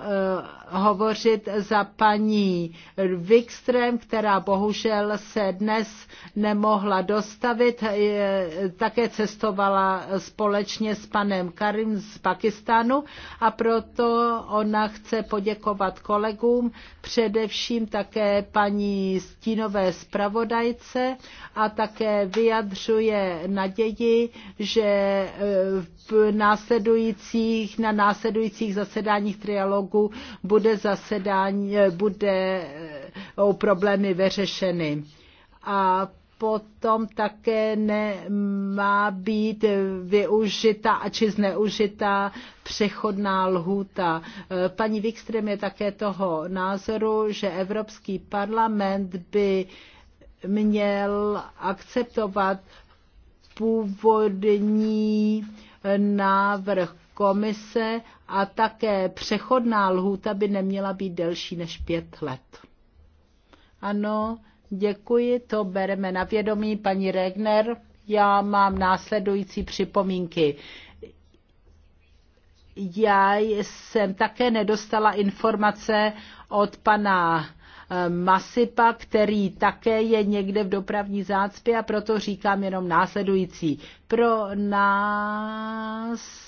Eh, hovořit za paní Wikström, která bohužel se dnes nemohla dostavit. Eh, také cestovala společně s panem Karim z Pakistánu a proto ona chce poděkovat kolegům, především také paní Stínové zpravodajce a také vyjadřuje naději, že eh, v následujících, na následujících zasedáních trialogu dialogu bude zasedání, bude eh, problémy vyřešeny. A potom také nemá být využita a či zneužita přechodná lhůta. Eh, paní Wikström je také toho názoru, že Evropský parlament by měl akceptovat původní návrh komise a také přechodná lhůta by neměla být delší než pět let. Ano, děkuji, to bereme na vědomí, paní Regner. Já mám následující připomínky já jsem také nedostala informace od pana eh, Masipa, který také je někde v dopravní zácpě a proto říkám jenom následující. Pro nás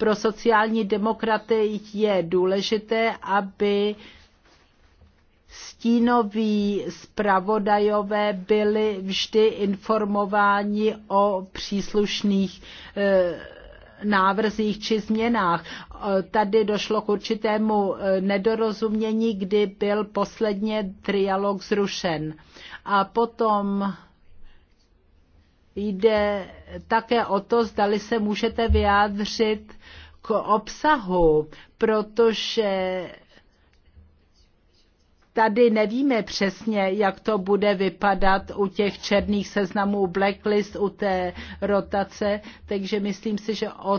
pro sociální demokraty je důležité, aby stínoví zpravodajové byli vždy informováni o příslušných e, návrzích či změnách. E, tady došlo k určitému e, nedorozumění, kdy byl posledně trialog zrušen. A potom jde také o to, zdali se můžete vyjádřit k obsahu, protože tady nevíme přesně, jak to bude vypadat u těch černých seznamů, blacklist, u té rotace, takže myslím si, že o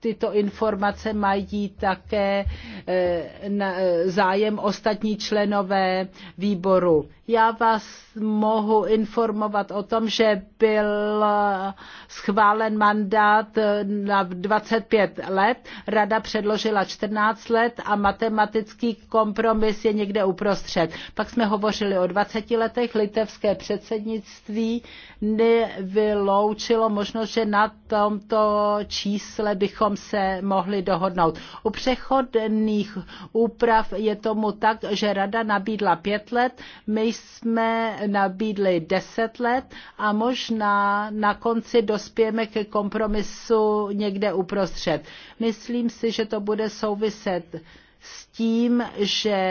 tyto informace mají také eh, eh, zájem ostatní členové výboru. Já vás mohu informovat o tom, že byl eh, schválen mandát na 25 let, rada předložila 14 let a matematický kompromis je někde uprostřed. Pak jsme hovořili o 20 letech, litevské předsednictví nevyloučilo možnost, že na tomto čísle bychom bychom se mohli dohodnout. U přechodných úprav je tomu tak, že rada nabídla pět let, my jsme nabídli deset let a možná na konci dospějeme ke kompromisu někde uprostřed. Myslím si, že to bude souviset s tím, že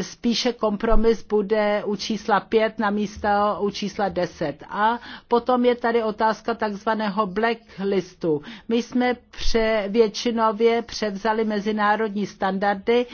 spíše kompromis bude u čísla 5 na místo u čísla 10. A potom je tady otázka takzvaného blacklistu. My jsme pře, většinově převzali mezinárodní standardy.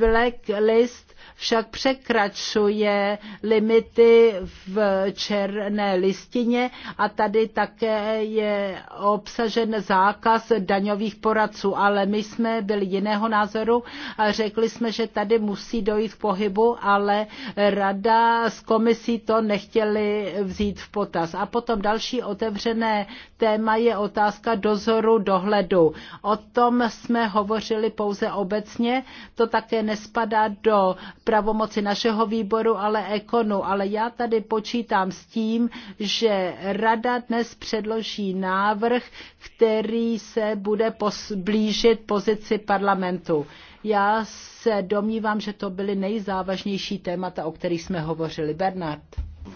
Blacklist však překračuje limity v černé listině a tady také je obsažen zákaz daňových poradců, ale my jsme byli jiného názoru a řekli jsme, že tady musí dojít k pohybu, ale rada s komisí to nechtěli vzít v potaz. A potom další otevřené téma je otázka dozoru dohledu. O tom jsme hovořili pouze obecně, to také nespadá do pravomoci našeho výboru, ale ekonu. Ale já tady počítám s tím, že rada dnes předloží návrh, který se bude blížit pozici parlamentu. Já se domnívám, že to byly nejzávažnější témata, o kterých jsme hovořili. Bernard.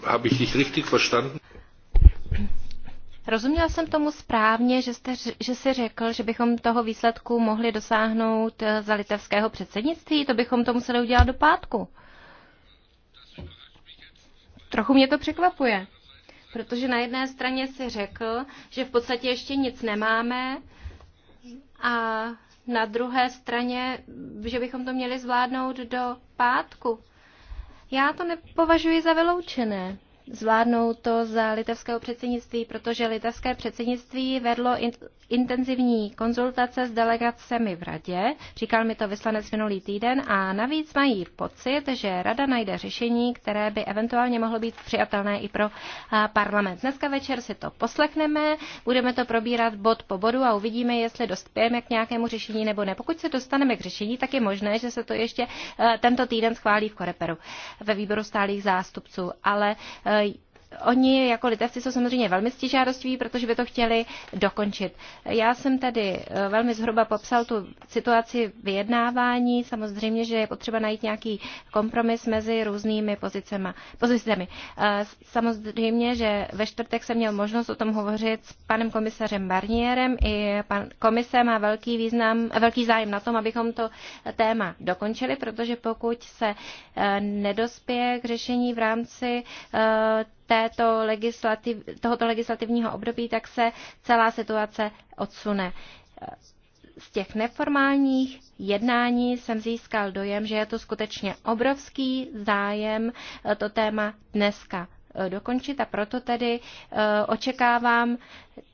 Habe ich dich richtig verstanden? Rozuměla
jsem tomu správně, že, jste, že si řekl, že bychom toho výsledku mohli dosáhnout eh, za litevského předsednictví, to bychom to museli udělat do pátku. Trochu mě to překvapuje, protože na jedné straně si řekl, že v podstatě ještě nic nemáme a na druhé straně, že bychom to měli zvládnout do pátku. Já to nepovažuji za vyloučené. Zvládnou to za litevského předsednictví, protože litevské předsednictví vedlo in, intenzivní konzultace s delegacemi v radě, říkal mi to vyslanec minulý týden, a navíc mají pocit, že rada najde řešení, které by eventuálně mohlo být přijatelné i pro parlament. Dneska večer si to poslechneme, budeme to probírat bod po bodu a uvidíme, jestli dospějeme k nějakému řešení nebo ne. Pokud se dostaneme k řešení, tak je možné, že se to ještě tento týden schválí v Koreperu ve výboru stálých zástupců, ale ơi eh, Oni jako litevci jsou samozřejmě velmi stížádostiví, protože by to chtěli dokončit. Já jsem tady eh, velmi zhruba popsal tu situaci vyjednávání. Samozřejmě, že je potřeba najít nějaký kompromis mezi různými pozicema, pozicemi. Eh, samozřejmě, že ve čtvrtek jsem měl možnost o tom hovořit s panem komisařem Barnierem. I pan komise má velký, význam, velký zájem na tom, abychom to téma dokončili, protože pokud se eh, nedospěje k řešení v rámci této legislativ, tohoto legislativního období, tak se celá situace odsune. Z těch neformálních jednání jsem získal dojem, že je to skutečně obrovský zájem eh, to téma dneska eh, dokončit a proto tedy eh, očekávám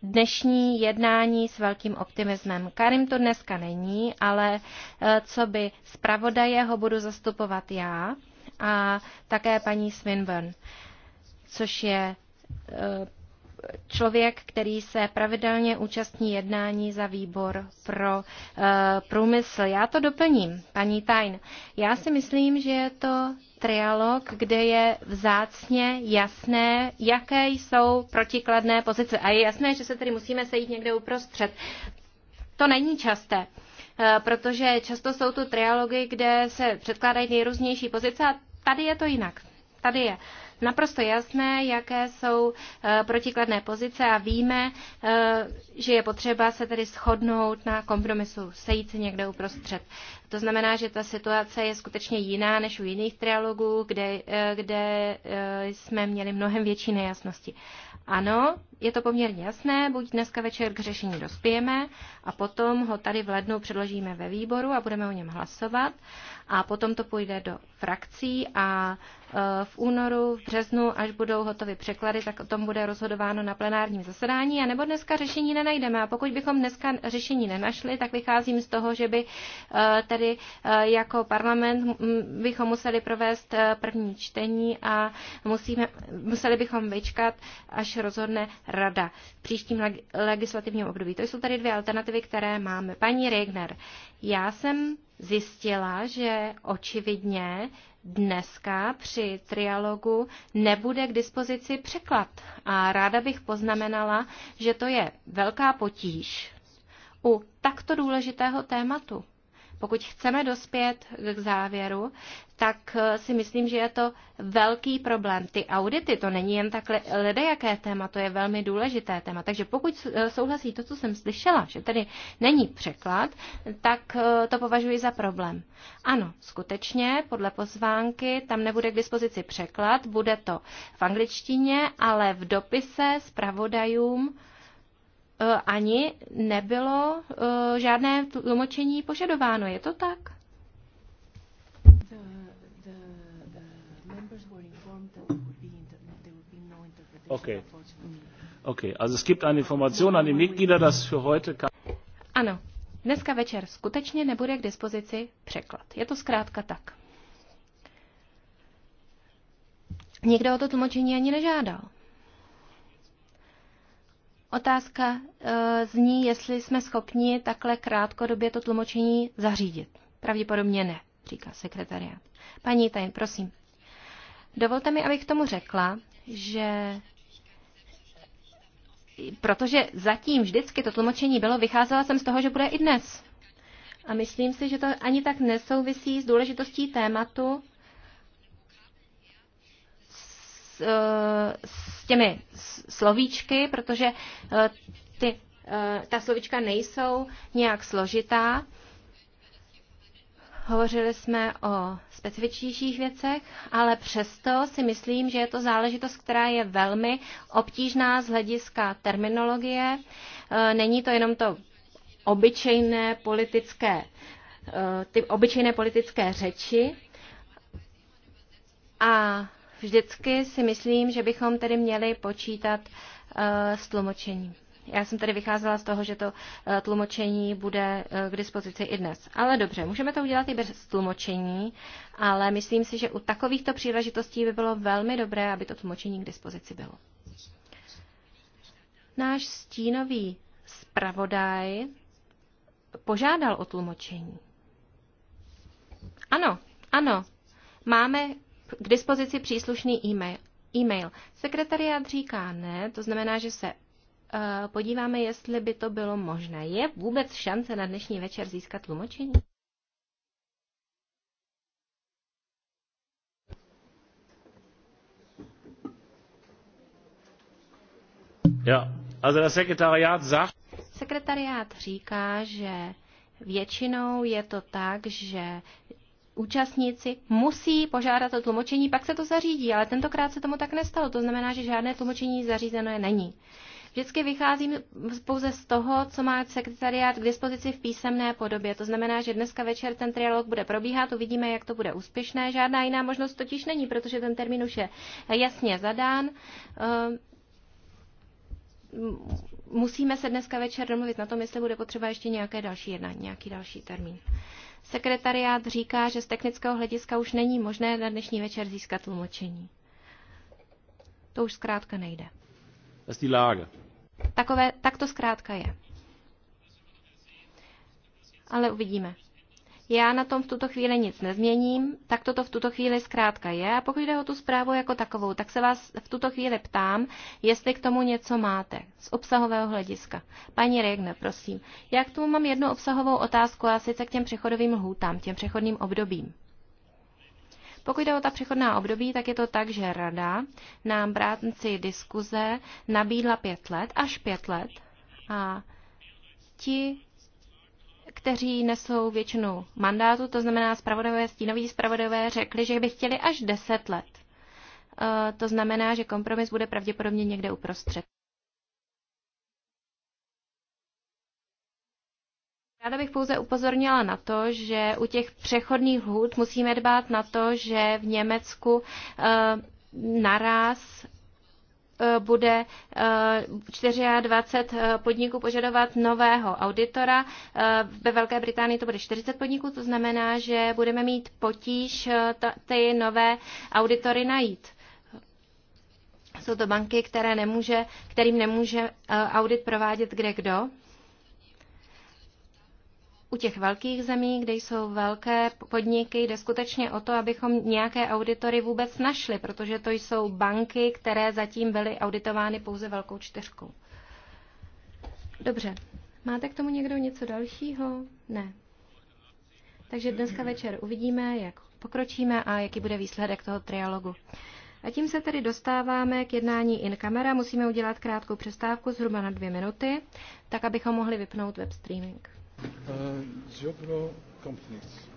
dnešní jednání s velkým optimismem. Karim to dneska není, ale co by zpravodaje ho budu zastupovat já a také paní Swinburne což je e, člověk, který se pravidelně účastní jednání za výbor pro e, průmysl. Já to doplním, paní Tajn. Já si myslím, že je to trialog, kde je vzácně jasné, jaké jsou protikladné pozice. A je jasné, že se tedy musíme sejít někde uprostřed. To není časté e, protože často jsou tu trialogy, kde se předkládají nejrůznější pozice a tady je to jinak. Tady je naprosto jasné, jaké jsou eh, protikladné pozice a víme, eh, že je potřeba se tedy shodnout na kompromisu, sejít se někde uprostřed. To znamená, že ta situace je skutečně jiná než u jiných trialogů, kde, eh, kde eh, jsme měli mnohem větší nejasnosti. Ano, je to poměrně jasné, buď dneska večer k řešení dospějeme a potom ho tady v lednu předložíme ve výboru a budeme o něm hlasovat a potom to půjde do frakcí a eh, v únoru, v březnu, až budou hotovy překlady, tak o tom bude rozhodováno na plenárním zasedání, a nebo dneska řešení nenajdeme. A pokud bychom dneska řešení nenašli, tak vycházím z toho, že by ten tedy eh, jako parlament bychom museli provést eh, první čtení a musíme, museli bychom vyčkat, až rozhodne rada v příštím legislativním období. To jsou tady dvě alternativy, které máme. Paní Regner, já jsem zjistila, že očividně dneska při trialogu nebude k dispozici překlad. A ráda bych poznamenala, že to je velká potíž u takto důležitého tématu. Pokud chceme dospět k závěru, tak eh, si myslím, že je to velký problém. Ty audity, to není jen tak ledejaké téma, to je velmi důležité téma. Takže pokud eh, souhlasí to, co jsem slyšela, že tady není překlad, tak eh, to považuji za problém. Ano, skutečně, podle pozvánky tam nebude k dispozici překlad, bude to v angličtině, ale v dopise s pravodajům, E, ani nebylo e, žádné tlumočení požadováno. Je to tak?
No okay. Okay, also es gibt eine Information an die Mitglieder, dass für heute
Ano, dneska večer skutečně nebude k dispozici překlad. Je to zkrátka tak. Nikdo o to tlumočení ani nežádal. Otázka e, zní, jestli jsme schopni takhle krátkodobě to tlumočení zařídit. Pravděpodobně ne, říká sekretariát. Paní Tajn, prosím. Dovolte mi, abych tomu řekla, že protože zatím vždycky to tlumočení bylo, vycházela jsem z toho, že bude i dnes. A myslím si, že to ani tak nesouvisí s důležitostí tématu, s, eh, s těmi slovíčky, protože eh, ty, eh, ta slovíčka nejsou nějak složitá. Hovořili jsme o specifičtějších věcech, ale přesto si myslím, že je to záležitost, která je velmi obtížná z hlediska terminologie. Není to jenom to obyčejné politické, ty obyčejné politické řeči. A vždycky si myslím, že bychom tedy měli počítat eh, s tlumočením. Já jsem tady vycházela z toho, že to eh, tlumočení bude eh, k dispozici i dnes. Ale dobře, můžeme to udělat i bez tlumočení, ale myslím si, že u takovýchto příležitostí by bylo velmi dobré, aby to tlumočení k dispozici bylo. Náš stínový zpravodaj požádal o tlumočení. Ano, ano, máme k dispozici příslušný e-mail. e-mail. Sekretariát říká ne, to znamená, že se eh, podíváme, jestli by to bylo možné. Je vůbec šance na dnešní večer získat tlumočení?
Ja, also das Sekretariat sagt...
Sekretariát říká, že většinou je to tak, že účastníci musí požádat o tlumočení, pak se to zařídí, ale tentokrát se tomu tak nestalo. To znamená, že žádné tlumočení zařízeno je není. Vždycky vycházím pouze z toho, co má sekretariát k dispozici v písemné podobě. To znamená, že dneska večer ten trialog bude probíhat, uvidíme, jak to bude úspěšné. Žádná jiná možnost totiž není, protože ten termín už je jasně zadán. Ehm, musíme se dneska večer domluvit na tom, jestli bude potřeba ještě nějaké další jednání, nějaký další termín. Sekretariát říká, že z technického hlediska už není možné na dnešní večer získat tlumočení. To už zkrátka nejde. Takové, tak to zkrátka je. Ale uvidíme. Já na tom v tuto chvíli nic nezměním, tak toto v tuto chvíli zkrátka je. A pokud jde o tu zprávu jako takovou, tak se vás v tuto chvíli ptám, jestli k tomu něco máte z obsahového hlediska. Paní Regne, prosím, já k tomu mám jednu obsahovou otázku a sice k těm přechodovým lhůtám, těm přechodným obdobím. Pokud jde o ta přechodná období, tak je to tak, že rada nám v rámci diskuze nabídla pět let, až pět let, a ti kteří nesou většinu mandátu, to znamená spravodové, stínoví spravodové, řekli, že by chtěli až 10 let. Eh, to znamená, že kompromis bude pravděpodobně někde uprostřed. Ráda bych pouze upozornila na to, že u těch přechodných hůd musíme dbát na to, že v Německu eh, naraz E, bude 24 e, e, podniků požadovat nového auditora. Ve Velké Británii to bude 40 podniků, to znamená, že budeme mít potíž ty nové auditory najít. Jsou to banky, které nemůže, kterým nemůže audit provádět kde kdo u těch velkých zemí, kde jsou velké podniky, jde skutečně o to, abychom nějaké auditory vůbec našli, protože to jsou banky, které zatím byly auditovány pouze velkou čtyřkou. Dobře, máte k tomu někdo něco dalšího? Ne. Takže dneska večer uvidíme, jak pokročíme a jaký bude výsledek toho trialogu. A tím se tedy dostáváme k jednání in camera. Musíme udělat krátkou přestávku zhruba na dvě minuty, tak abychom mohli vypnout web streaming.
Uh, Jobro Companies.